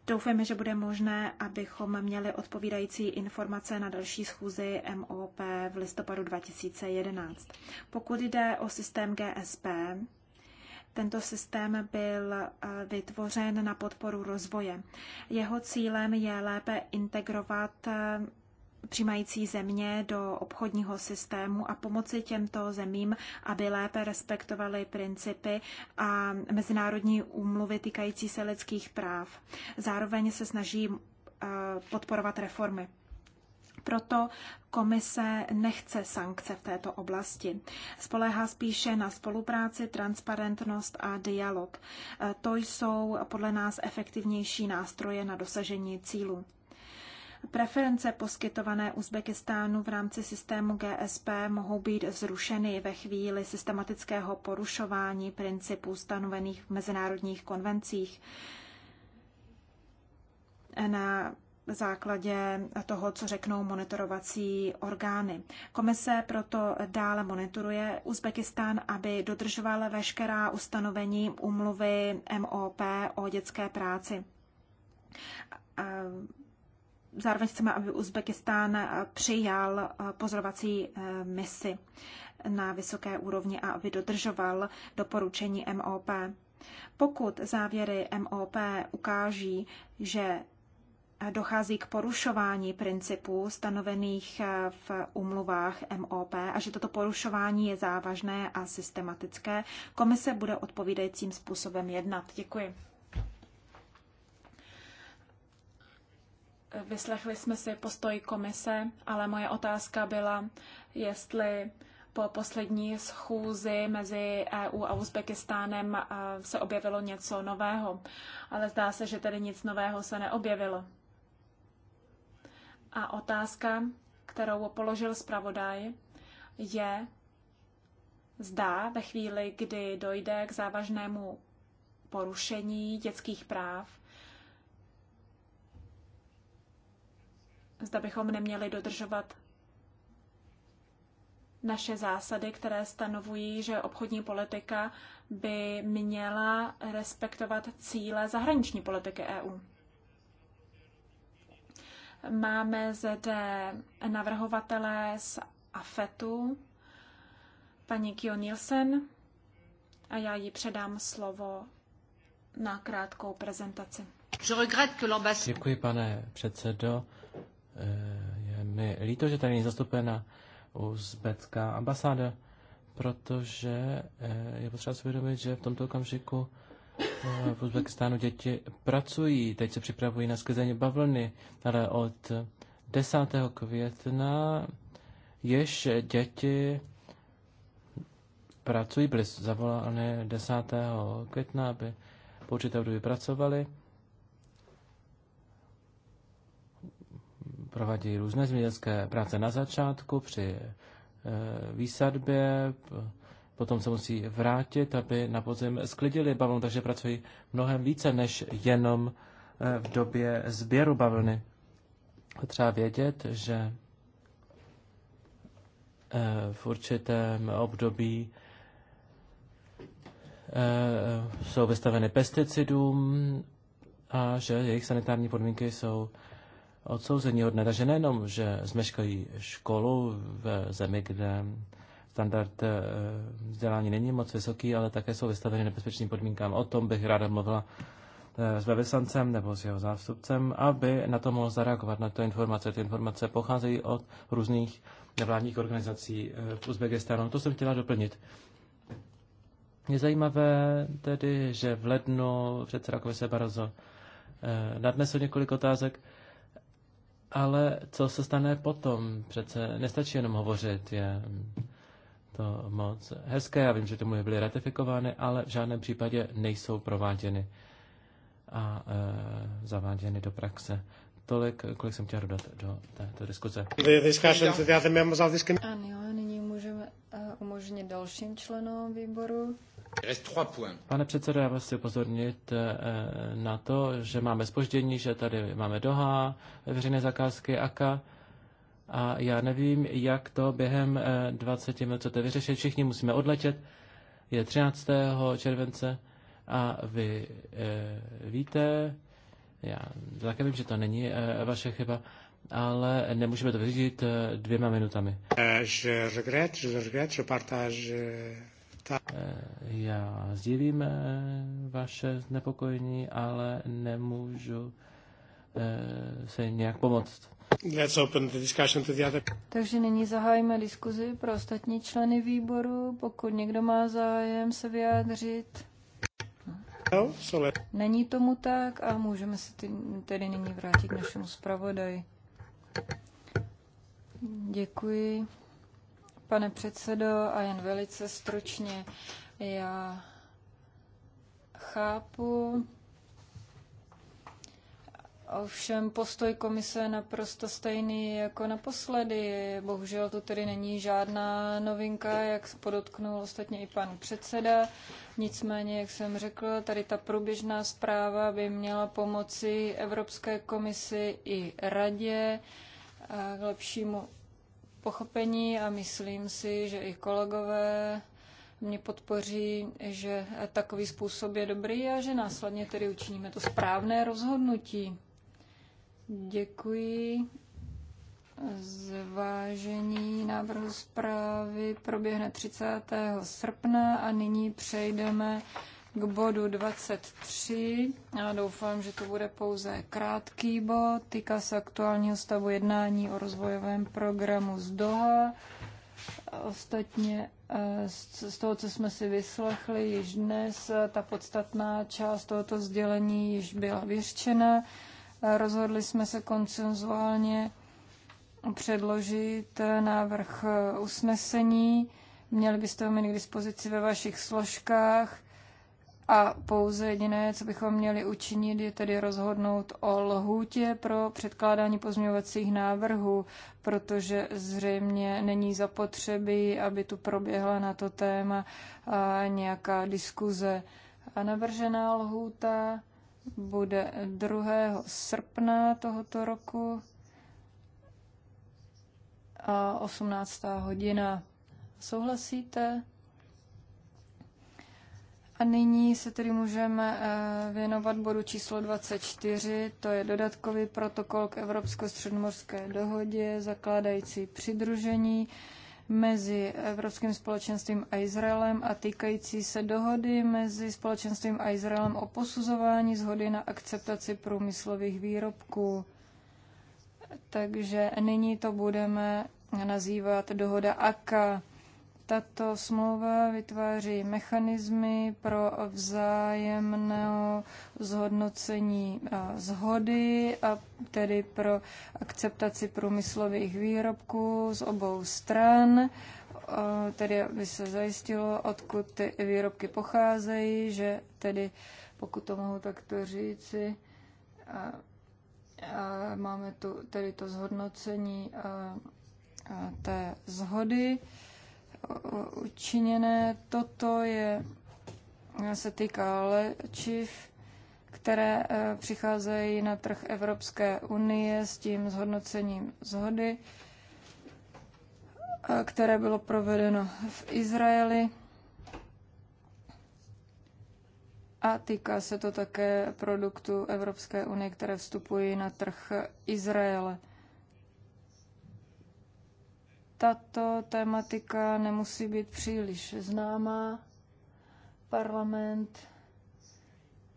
Doufejme, že bude možné, abychom měli odpovídající informace na další schůzi MOP v listopadu 2011. Pokud jde o systém GSP, tento systém byl eh, vytvořen na podporu rozvoje. Jeho cílem je lépe integrovat eh, přijímající země do obchodního systému a pomoci těmto zemím, aby lépe respektovali principy a mezinárodní úmluvy týkající se lidských práv. Zároveň se snaží eh, podporovat reformy. Proto komise nechce sankce v této oblasti. Spoléhá spíše na spolupráci, transparentnost a dialog. Eh, to jsou podle nás efektivnější nástroje na dosažení cílu. Preference poskytované Uzbekistánu v rámci systému GSP mohou být zrušeny ve chvíli systematického porušování principů stanovených v mezinárodních konvencích. Na základě toho, co řeknou monitorovací orgány. Komise proto dále monitoruje Uzbekistán, aby dodržoval veškerá ustanovení umluvy MOP o dětské práci. Zároveň chceme, aby Uzbekistán přijal eh, pozorovací eh, misi na vysoké úrovni a aby dodržoval doporučení MOP. Pokud závěry MOP ukáží, že dochází k porušování principů stanovených eh, v umluvách MOP a že toto porušování je závažné a systematické, komise bude odpovídajícím způsobem jednat. Děkuji. Vyslechli jsme si postoj komise, ale moje otázka byla, jestli po poslední schůzi mezi EU a Uzbekistánem eh, se objevilo něco nového. Ale zdá se, že tedy nic nového se neobjevilo. A otázka, kterou položil zpravodaj, je, zdá ve chvíli, kdy dojde k závažnému porušení dětských práv, zda bychom neměli dodržovat naše zásady, které stanovují, že obchodní politika by měla respektovat cíle zahraniční politiky EU. Máme zde navrhovatele z AFETu, paní Kio Nielsen, a já jí předám slovo na krátkou prezentaci. Děkuji, pane předsedo. Eh, je mi líto, že tady není zastoupena uzbecká ambasáda, protože eh, je potřeba si uvědomit, že v tomto okamžiku eh, v Uzbekistánu děti pracují, teď se připravují na sklizení bavlny, ale od 10. května jež děti pracují, byly zavolány 10. května, aby po určité pracovali provádí různé zemědělské práce na začátku při eh, výsadbě, potom se musí vrátit, aby na podzim sklidili bavlnu, takže pracují mnohem více než jenom eh, v době sběru bavlny. Třeba vědět, že eh, v určitém období jsou vystaveny pesticidům a že jejich sanitární podmínky jsou odsouzení od že nejenom, že zmeškají školu v zemi, kde standard eh, vzdělání není moc vysoký, ale také jsou vystaveny nebezpečným podmínkám. O tom bych ráda mluvila eh, s velvyslancem nebo s jeho zástupcem, aby na to mohl zareagovat, na to informace. Ty informace pocházejí od různých nevládních organizací eh, v Uzbekistánu. To jsem chtěla doplnit. Je zajímavé tedy, že v lednu předseda komise Barozo nadnesl několik otázek, ale co se stane potom? Přece nestačí jenom hovořit, je to moc hezké. Já vím, že tomu byly ratifikovány, ale v žádném případě nejsou prováděny a e, zaváděny do praxe. Tolik, kolik jsem chtěl dodat do této diskuze. A nyní můžeme e, umožnit dalším členům výboru Pane předsedo, já vás chci upozornit eh, na to, že máme spoždění, že tady máme DOHA, veřejné zakázky AKA a já nevím, jak to během 20 eh, minut chcete vyřešit. Všichni musíme odletět. Je 13. července a vy eh, víte, já také vím, že to není vaše chyba, ale nemůžeme to vyřídit dvěma minutami. Je regret, je regret, je partage Eh, já sdílím eh, vaše znepokojení, ale nemůžu eh, se nějak pomoct. Let's open the discussion to the Takže nyní zahájíme diskuzi pro ostatní členy výboru, pokud někdo má zájem se vyjádřit. No, Není tomu tak a můžeme se tedy nyní vrátit k našemu zpravodaji. Děkuji pane předsedo, a jen velice stručně. Já chápu, Ovšem postoj komise je naprosto stejný jako naposledy. Bohužel to tedy není žádná novinka, jak podotknul ostatně i pan předseda. Nicméně, jak jsem řekl, tady ta průběžná zpráva by měla pomoci Evropské komisi i radě k lepšímu pochopení a myslím si, že i kolegové mě podpoří, že takový způsob je dobrý a že následně tedy učiníme to správné rozhodnutí. Děkuji. Zvážení návrhu zprávy proběhne 30. srpna a nyní přejdeme k bodu 23. Já doufám, že to bude pouze krátký bod. Týká se aktuálního stavu jednání o rozvojovém programu z Doha. Ostatně eh, z toho, co jsme si vyslechli již dnes, eh, ta podstatná část tohoto sdělení již byla vyřčena. Eh, rozhodli jsme se koncenzuálně předložit návrh usnesení. Měli byste ho mít k dispozici ve vašich složkách. A pouze jediné, co bychom měli učinit, je tedy rozhodnout o lhůtě pro předkládání pozměňovacích návrhů, protože zřejmě není zapotřebí, aby tu proběhla na to téma nějaká diskuze. A navržená lhůta bude 2. srpna tohoto roku a 18. hodina. Souhlasíte? A nyní se tedy můžeme eh, věnovat bodu číslo 24, to je dodatkový protokol k Evropsko-středomorské dohodě zakládající přidružení mezi Evropským společenstvím a Izraelem a týkající se dohody mezi společenstvím a Izraelem o posuzování zhody na akceptaci průmyslových výrobků. Takže nyní to budeme nazývat dohoda AKA. Tato smlouva vytváří mechanismy pro vzájemné zhodnocení zhody a tedy pro akceptaci průmyslových výrobků z obou stran tedy aby se zajistilo, odkud ty výrobky pocházejí, že tedy, pokud to mohu takto říci, a, a máme tu tedy to zhodnocení a, a té zhody učiněné. Toto je, se týká léčiv, které eh, přicházejí na trh Evropské unie s tím zhodnocením zhody, eh, které bylo provedeno v Izraeli. A týká se to také produktů Evropské unie, které vstupují na trh Izraele tato tématika nemusí být příliš známá. Parlament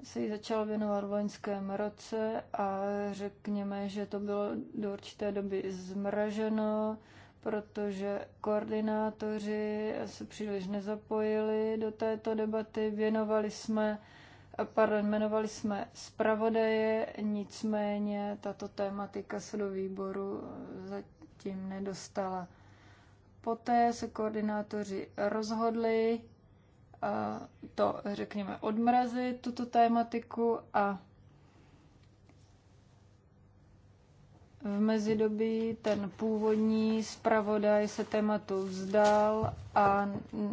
se ji začal věnovat v loňském roce a řekněme, že to bylo do určité doby zmraženo, protože koordinátoři se příliš nezapojili do této debaty. Věnovali jsme, pardon, jmenovali jsme zpravodaje, nicméně tato tématika se do výboru zatím nedostala poté se koordinátoři rozhodli eh, to, řekněme, odmrazit, tuto tématiku a V mezidobí ten původní zpravodaj se tématu vzdal a,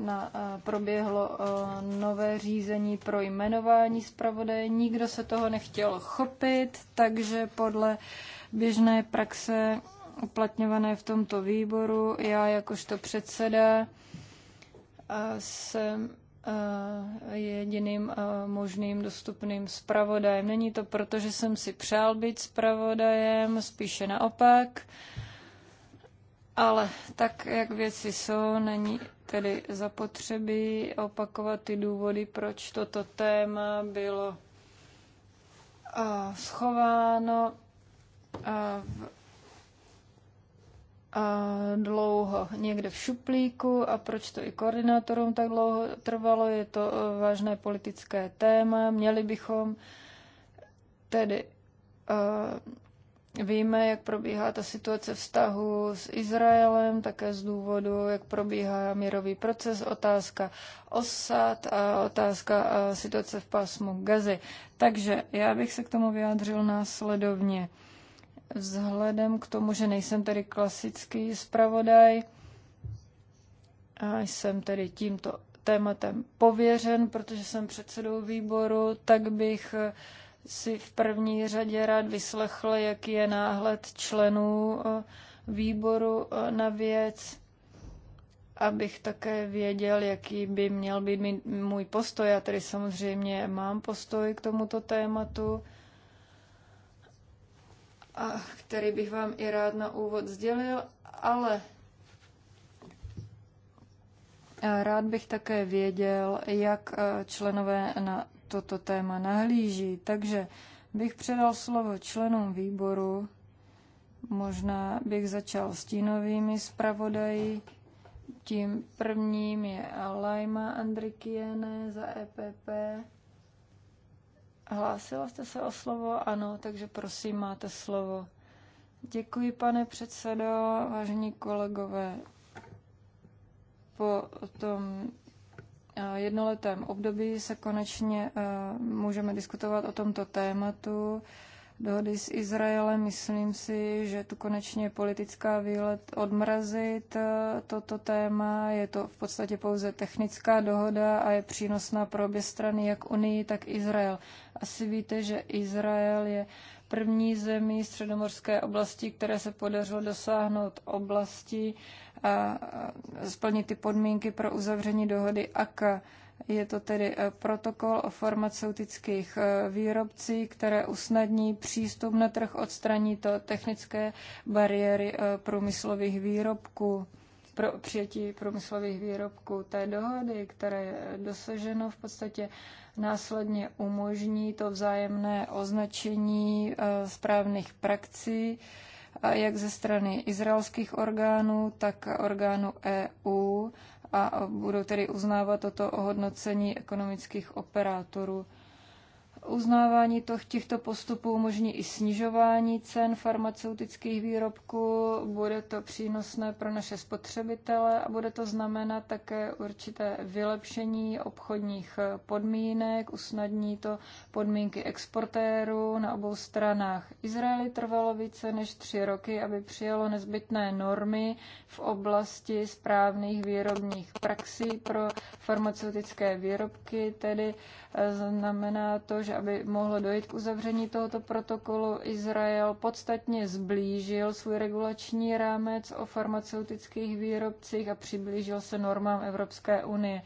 na, a eh, proběhlo a, eh, nové řízení pro jmenování zpravodaje. Nikdo se toho nechtěl chopit, takže podle běžné praxe uplatňované v tomto výboru. Já jakožto předseda jsem jediným možným dostupným zpravodajem. Není to proto, že jsem si přál být zpravodajem, spíše naopak. Ale tak, jak věci jsou, není tedy zapotřebí opakovat ty důvody, proč toto téma bylo schováno v a dlouho někde v šuplíku a proč to i koordinátorům tak dlouho trvalo, je to e, vážné politické téma. Měli bychom tedy e, Víme, jak probíhá ta situace vztahu s Izraelem, také z důvodu, jak probíhá mírový proces, otázka osad a otázka e, situace v pásmu Gazy. Takže já bych se k tomu vyjádřil následovně. Vzhledem k tomu, že nejsem tedy klasický zpravodaj, a jsem tedy tímto tématem pověřen, protože jsem předsedou výboru, tak bych si v první řadě rád vyslechl, jaký je náhled členů eh, výboru eh, na věc, abych také věděl, jaký by měl být můj postoj. Já tedy samozřejmě mám postoj k tomuto tématu a který bych vám i rád na úvod sdělil, ale rád bych také věděl, jak eh, členové na toto téma nahlíží. Takže bych předal slovo členům výboru. Možná bych začal s tínovými zpravodají. Tím prvním je Laima Andrikiene za EPP. Hlásila jste se o slovo? Ano, takže prosím, máte slovo. Děkuji, pane předsedo, vážení kolegové. Po tom eh, jednoletém období se konečně eh, můžeme diskutovat o tomto tématu dohody s Izraelem. Myslím si, že tu konečně politická výlet odmrazit eh, toto téma. Je to v podstatě pouze technická dohoda a je přínosná pro obě strany, jak Unii, tak Izrael. Asi víte, že Izrael je první zemí středomorské oblasti, které se podařilo dosáhnout oblasti a splnit ty podmínky pro uzavření dohody AKA je to tedy eh, protokol o farmaceutických eh, výrobcích, které usnadní přístup na trh, odstraní to technické bariéry eh, průmyslových výrobků pro přijetí průmyslových výrobků té dohody, které je dosaženo v podstatě následně umožní to vzájemné označení správných praxí, jak ze strany izraelských orgánů, tak orgánů EU a budou tedy uznávat toto ohodnocení ekonomických operátorů Uznávání těchto postupů umožní i snižování cen farmaceutických výrobků, bude to přínosné pro naše spotřebitele a bude to znamenat také určité vylepšení obchodních podmínek, usnadní to podmínky exportérů na obou stranách. Izraeli trvalo více než tři roky, aby přijalo nezbytné normy v oblasti správných výrobních praxí pro farmaceutické výrobky, tedy Znamená to, že aby mohlo dojít k uzavření tohoto protokolu, Izrael podstatně zblížil svůj regulační rámec o farmaceutických výrobcích a přiblížil se normám Evropské unie.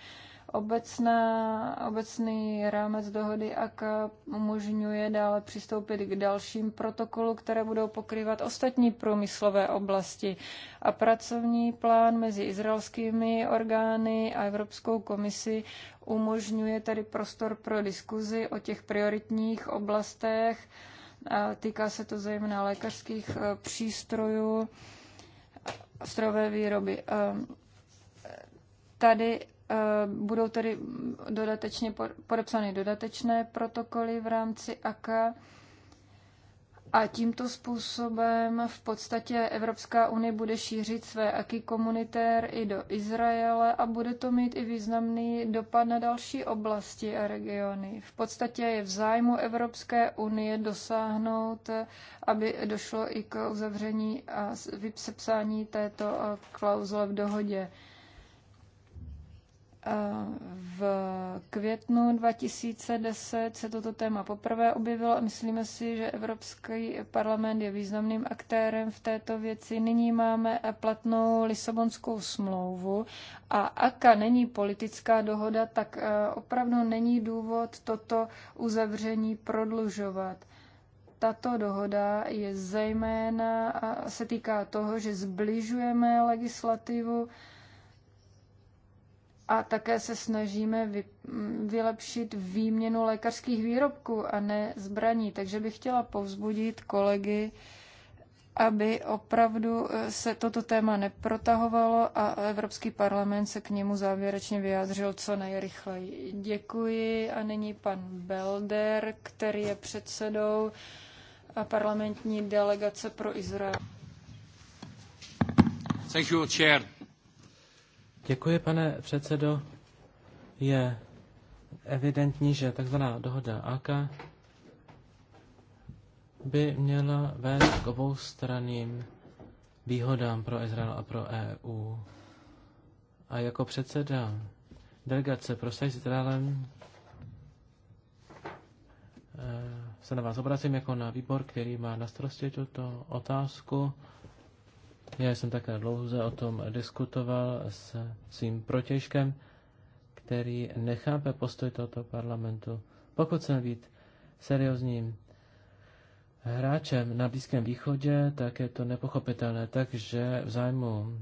Obecná, obecný rámec dohody k umožňuje dále přistoupit k dalším protokolu, které budou pokrývat ostatní průmyslové oblasti. A pracovní plán mezi izraelskými orgány a Evropskou komisi umožňuje tedy prostor pro diskuzi o těch prioritních oblastech. A týká se to zejména lékařských eh, přístrojů, strojové výroby. Ehm, tady Eh, budou tedy dodatečně podepsány dodatečné protokoly v rámci AKA. A tímto způsobem v podstatě Evropská unie bude šířit své aky komunitér i do Izraele a bude to mít i významný dopad na další oblasti a regiony. V podstatě je v zájmu Evropské unie dosáhnout, aby došlo i k uzavření a vypsepsání této eh, klauzule v dohodě. V květnu 2010 se toto téma poprvé objevilo a myslíme si, že Evropský parlament je významným aktérem v této věci. Nyní máme platnou Lisabonskou smlouvu a AKA není politická dohoda, tak eh, opravdu není důvod toto uzavření prodlužovat tato dohoda je zejména a se týká toho, že zbližujeme legislativu a také se snažíme vy, vylepšit výměnu lékařských výrobků a ne zbraní. Takže bych chtěla povzbudit kolegy, aby opravdu eh, se toto téma neprotahovalo a Evropský parlament se k němu závěrečně vyjádřil co nejrychleji. Děkuji a nyní pan Belder, který je předsedou parlamentní delegace pro Izrael. Thank you, chair. Děkuji, pane předsedo. Je evidentní, že takzvaná dohoda AK by měla vést k oboustraným výhodám pro Izrael a pro EU. A jako předseda delegace pro s Izraelem eh, se na vás obracím jako na výbor, který má na starosti tuto otázku. Já jsem také dlouze o tom diskutoval s svým protěžkem, který nechápe postoj tohoto parlamentu. Pokud chceme být seriózním hráčem na Blízkém východě, tak je to nepochopitelné. Takže v zájmu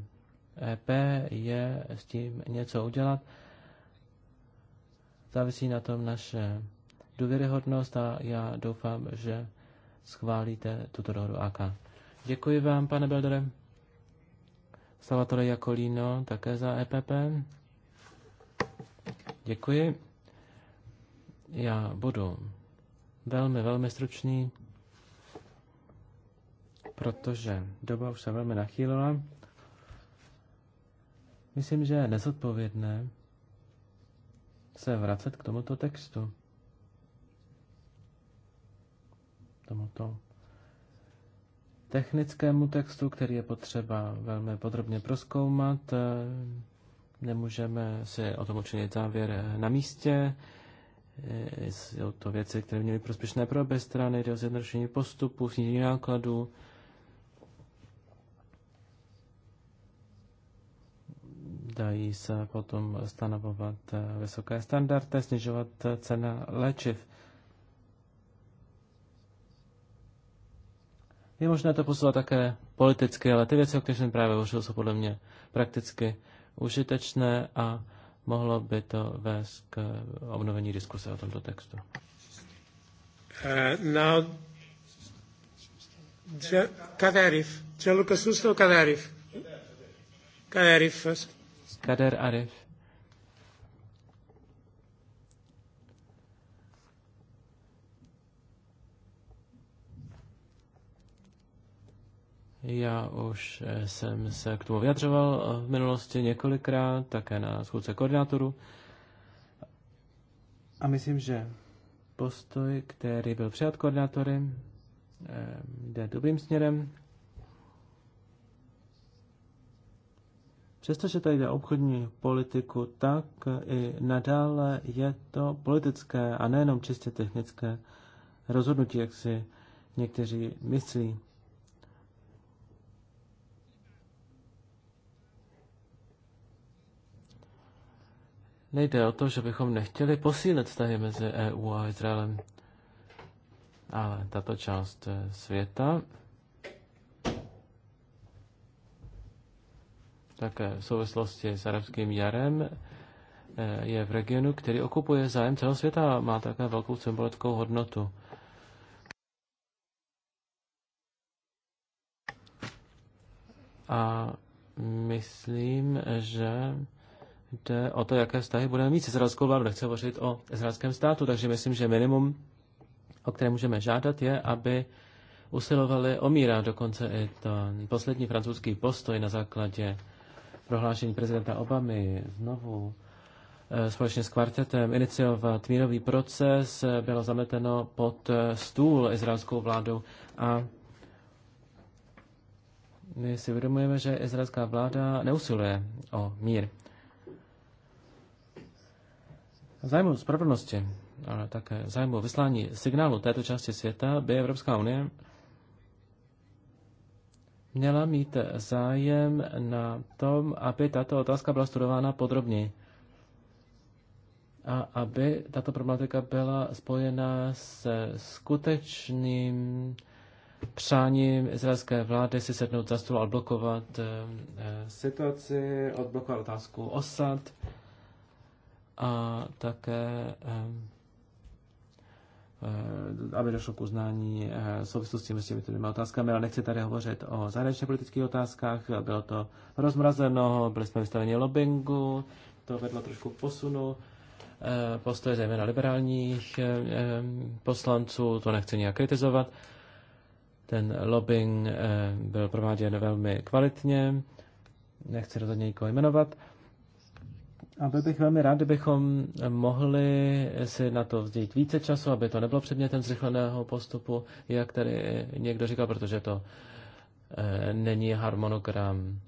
EP je s tím něco udělat. Závisí na tom naše důvěryhodnost a já doufám, že schválíte tuto dohodu AK. Děkuji vám, pane Beldere. Salvatore Jakolino, také za EPP. Děkuji. Já budu velmi, velmi stručný, protože doba už se velmi nachýlila. Myslím, že je nezodpovědné se vracet k tomuto textu. Tomuto technickému textu, který je potřeba velmi podrobně proskoumat. Nemůžeme si o tom učinit závěr na místě. Jsou to věci, které měly prospěšné pro obě strany, jde o zjednodušení postupu, snížení nákladů. Dají se potom stanovovat vysoké standardy, snižovat cena léčiv. Je možné to posouvat také politicky, ale ty věci, o kterých jsem právě hovořil, jsou podle mě prakticky užitečné a mohlo by to vést k obnovení diskuse o tomto textu. Uh, now, Kaderif. Kader Arif. Já už jsem se k tomu vyjadřoval eh, v minulosti několikrát, také na schůdce koordinátoru. A myslím, že postoj, který byl přijat koordinátory, eh, jde dobrým směrem. Přestože tady jde obchodní politiku, tak i nadále je to politické a nejenom čistě technické rozhodnutí, jak si někteří myslí. Nejde o to, že bychom nechtěli posílit vztahy mezi EU a Izraelem, ale tato část eh, světa také v souvislosti s arabským jarem eh, je v regionu, který okupuje zájem celého světa a má také velkou symbolickou hodnotu. A myslím, že jde o to, jaké vztahy budeme mít s izraelskou vládou. Nechce hovořit o izraelském státu, takže myslím, že minimum, o které můžeme žádat, je, aby usilovali o míra. Dokonce i ten poslední francouzský postoj na základě prohlášení prezidenta Obamy znovu eh, společně s kvartetem iniciovat mírový proces eh, bylo zameteno pod eh, stůl izraelskou vládou a my si uvědomujeme, že izraelská vláda neusiluje o mír zájmu spravedlnosti, ale také zájmu vyslání signálu této části světa by Evropská unie měla mít zájem na tom, aby tato otázka byla studována podrobněji a aby tato problematika byla spojena se skutečným přáním izraelské vlády si sednout za stůl a blokovat eh, situaci, odblokovat otázku osad a také eh, aby došlo k uznání eh, souvislosti mezi těmi těmi otázkami, ale nechci tady hovořit o zahraničně politických otázkách, bylo to rozmrazeno, byli jsme vystaveni lobbingu, to vedlo trošku k posunu eh, postoje zejména liberálních poslanců, to nechci nějak kritizovat. Ten lobbying byl prováděn velmi kvalitně, nechci rozhodně nikoho jmenovat. A byl bych velmi rád, kdybychom mohli si na to vzít více času, aby to nebylo předmětem zrychleného postupu, jak tady někdo říkal, protože to e, není harmonogram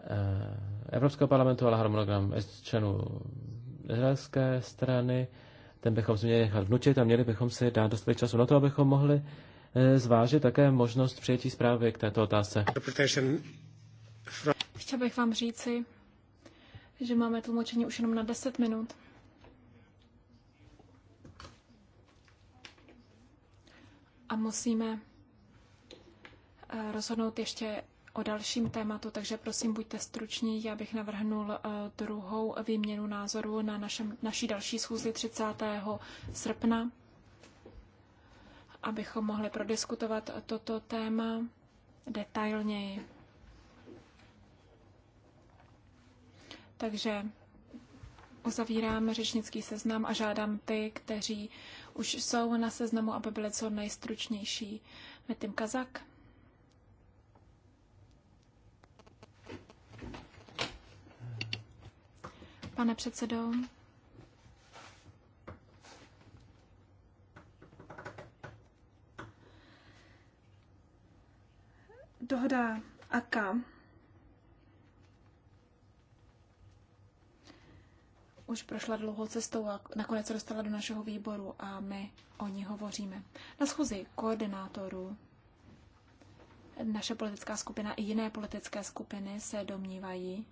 e, Evropského parlamentu, ale harmonogram členů izraelské strany. Ten bychom si měli nechat vnučit a měli bychom si dát dostatek času na to, abychom mohli e, zvážit také možnost přijetí zprávy k této otázce. Chtěl bych vám říci, že máme tlumočení už jenom na 10 minut. A musíme eh, rozhodnout ještě o dalším tématu, takže prosím, buďte struční. Já bych navrhnul eh, druhou výměnu názoru na našem, naší další schůzi 30. srpna, abychom mohli prodiskutovat toto téma detailněji. Takže uzavírám řečnický seznam a žádám ty, kteří už jsou na seznamu, aby byly co nejstručnější. Metim Kazak. Pane předsedo, dohoda AKA už prošla dlouhou cestou a nakonec se dostala do našeho výboru a my o ní hovoříme. Na schůzi koordinátorů naše politická skupina i jiné politické skupiny se domnívají,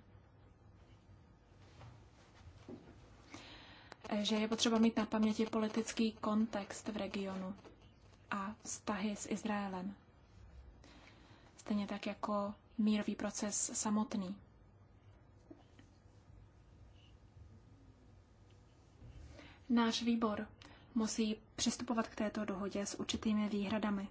že je potřeba mít na paměti politický kontext v regionu a vztahy s Izraelem. Stejně tak jako mírový proces samotný. Náš výbor musí přistupovat k této dohodě s určitými výhradami.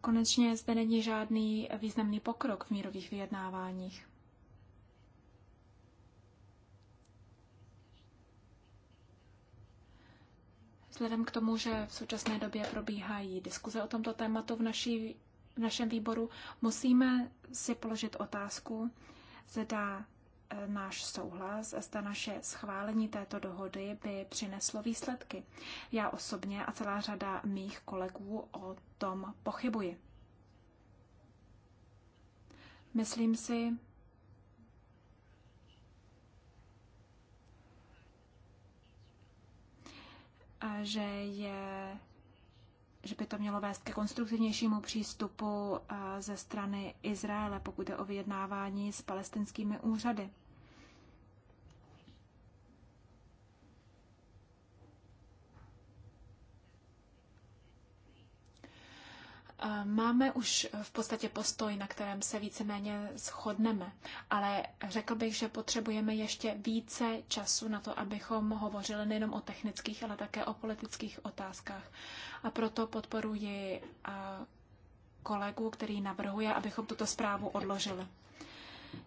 Konečně zde není žádný významný pokrok v mírových vyjednáváních. Vzhledem k tomu, že v současné době probíhají diskuze o tomto tématu v, naší, v našem výboru, musíme si položit otázku, zda e, náš souhlas, zda naše schválení této dohody by přineslo výsledky. Já osobně a celá řada mých kolegů o tom pochybuji. Myslím si, e, že je že by to mělo vést ke konstruktivnějšímu přístupu eh, ze strany Izraele, pokud je o vyjednávání s palestinskými úřady. Máme už v podstatě postoj, na kterém se víceméně shodneme, ale řekl bych, že potřebujeme ještě více času na to, abychom hovořili nejenom o technických, ale také o politických otázkách. A proto podporuji kolegu, který navrhuje, abychom tuto zprávu odložili.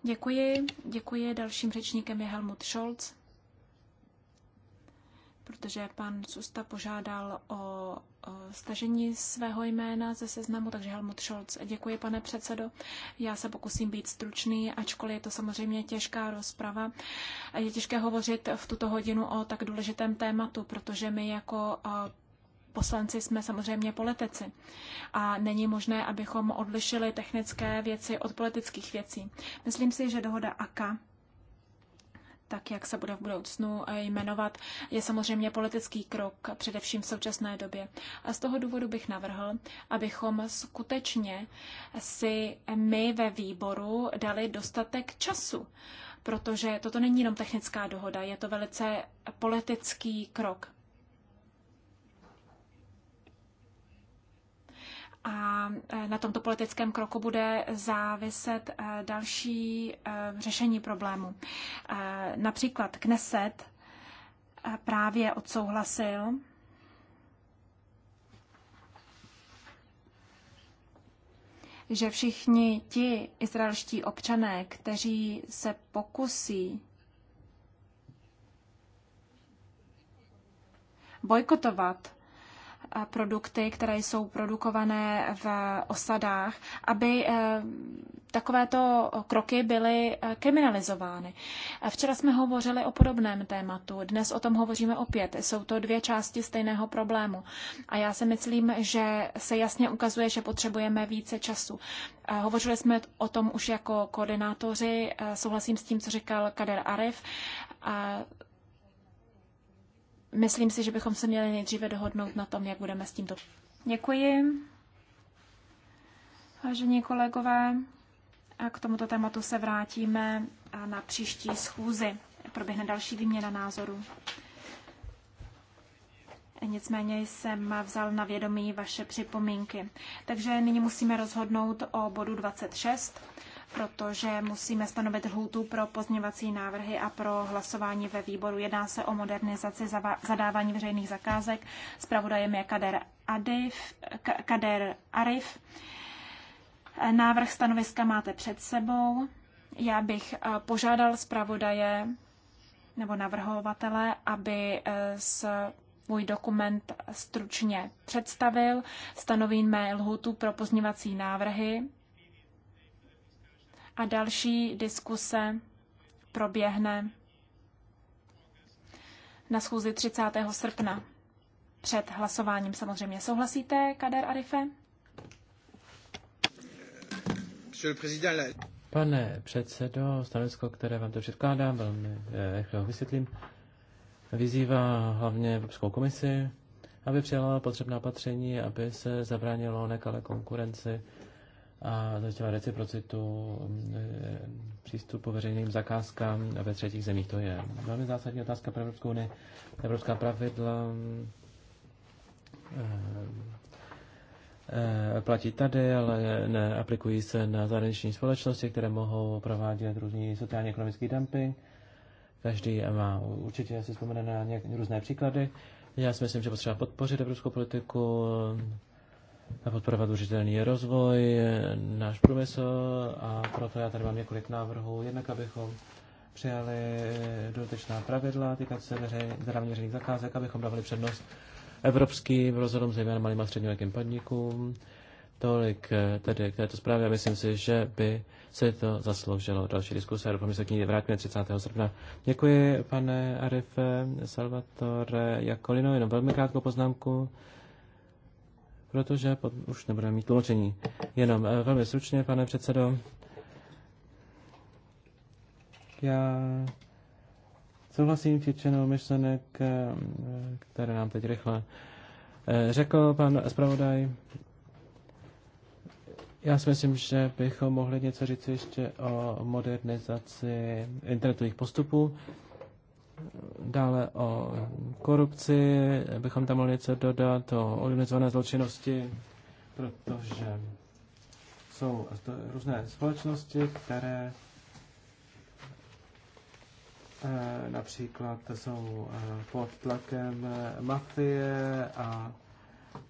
Děkuji. Děkuji. Dalším řečníkem je Helmut Scholz protože pan Susta požádal o stažení svého jména ze seznamu, takže Helmut Scholz. Děkuji, pane předsedo. Já se pokusím být stručný, ačkoliv je to samozřejmě těžká rozprava. Je těžké hovořit v tuto hodinu o tak důležitém tématu, protože my jako poslanci jsme samozřejmě politici a není možné, abychom odlišili technické věci od politických věcí. Myslím si, že dohoda AKA tak jak se bude v budoucnu eh, jmenovat, je samozřejmě politický krok, především v současné době. A z toho důvodu bych navrhl, abychom skutečně si my ve výboru dali dostatek času, protože toto není jenom technická dohoda, je to velice politický krok. a e, na tomto politickém kroku bude záviset e, další e, řešení problému. Například Kneset právě odsouhlasil že všichni ti izraelští občané, kteří se pokusí bojkotovat produkty, které jsou produkované v osadách, aby eh, takovéto kroky byly eh, kriminalizovány. Eh, včera jsme hovořili o podobném tématu, dnes o tom hovoříme opět. Jsou to dvě části stejného problému. A já si myslím, že se jasně ukazuje, že potřebujeme více času. Hovořili jsme o tom už jako koordinátoři, souhlasím s tím, co říkal Kader Arif. Myslím si, že bychom se měli nejdříve dohodnout na tom, jak budeme s tímto. Děkuji. Vážení kolegové, a k tomuto tématu se vrátíme na příští schůzi. Proběhne další výměna názorů. Nicméně jsem vzal na vědomí vaše připomínky. Takže nyní musíme rozhodnout o bodu 26 protože musíme stanovit hůtu pro pozměňovací návrhy a pro hlasování ve výboru. Jedná se o modernizaci zadávání veřejných zakázek. Spravodajem je Kader, Adif, Kader Arif. Návrh stanoviska máte před sebou. Já bych eh, požádal zpravodaje nebo navrhovatele, aby eh, s můj dokument stručně představil. Stanovíme lhutu pro pozněvací návrhy a další diskuse proběhne na schůzi 30. srpna. Před hlasováním samozřejmě souhlasíte, Kader Arife? Pane předsedo, stanovisko, které vám to předkládám, velmi eh, rychle ho vysvětlím, vyzývá hlavně Evropskou komisi, aby přijala potřebná opatření, aby se zabránilo nekalé konkurenci a zajistila reciprocitu mm, e, přístupu veřejným zakázkám ve třetích zemích. To je velmi zásadní otázka pro Evropskou unii. Evropská pravidla mm, e, e, platí tady, ale neaplikují se na zahraniční společnosti, které mohou provádět různý sociálně ekonomický dumping. Každý má určitě si vzpomene na různé příklady. Já si myslím, že potřeba podpořit evropskou politiku a podporovat užitelný rozvoj, eh, náš průmysl a proto já tady mám několik návrhů. Jednak abychom přijali eh, dodatečná pravidla týkat se zadávání veřejných zakázek, abychom dávali přednost evropským rozhodům, zejména malým a středním podnikům. Tolik eh, tedy k této zprávě. Myslím si, že by se to zasloužilo další diskuse. Doufám, že se k ní vrátíme 30. srpna. Děkuji, pane Arife Salvatore Jakolino. Jenom velmi krátkou poznámku protože pod, už nebudeme mít tloučení. Jenom eh, velmi stručně, pane předsedo. Já souhlasím s většinou myšlenek, eh, které nám teď rychle eh, řekl pan zpravodaj. Já si myslím, že bychom mohli něco říct ještě o modernizaci internetových postupů. Dále o korupci bychom tam mohli něco dodat, o organizované zločinnosti, protože jsou různé společnosti, které eh, například jsou eh, pod tlakem eh, mafie a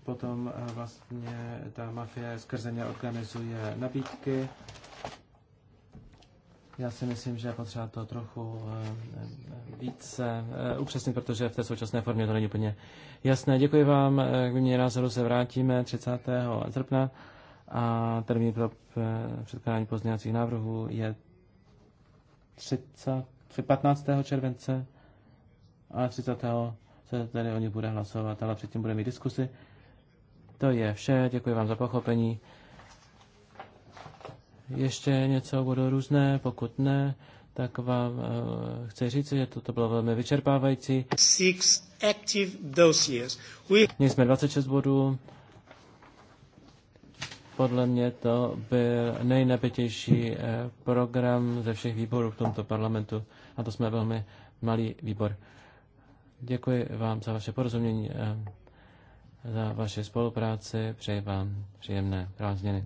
potom vlastně ta mafie skrze ně organizuje nabídky já si myslím, že je potřeba to trochu eh, více eh, upřesnit, protože v té současné formě to není úplně jasné. Děkuji vám, eh, k mě názoru se vrátíme 30. srpna a termín pro předkládání pozměňovacích návrhů je 30, 15. července a 30. se tedy o nich bude hlasovat, ale předtím budeme mít diskusy. To je vše, děkuji vám za pochopení ještě něco budou různé, pokud ne, tak vám uh, chci říct, že toto bylo velmi vyčerpávající. Six active dossiers. We... Měli jsme 26 bodů. Podle mě to byl nejnapětější uh, eh, program ze všech výborů v tomto parlamentu a to jsme velmi malý výbor. Děkuji vám za vaše porozumění. Uh, za vaši spolupráci. Přeji vám příjemné prázdniny.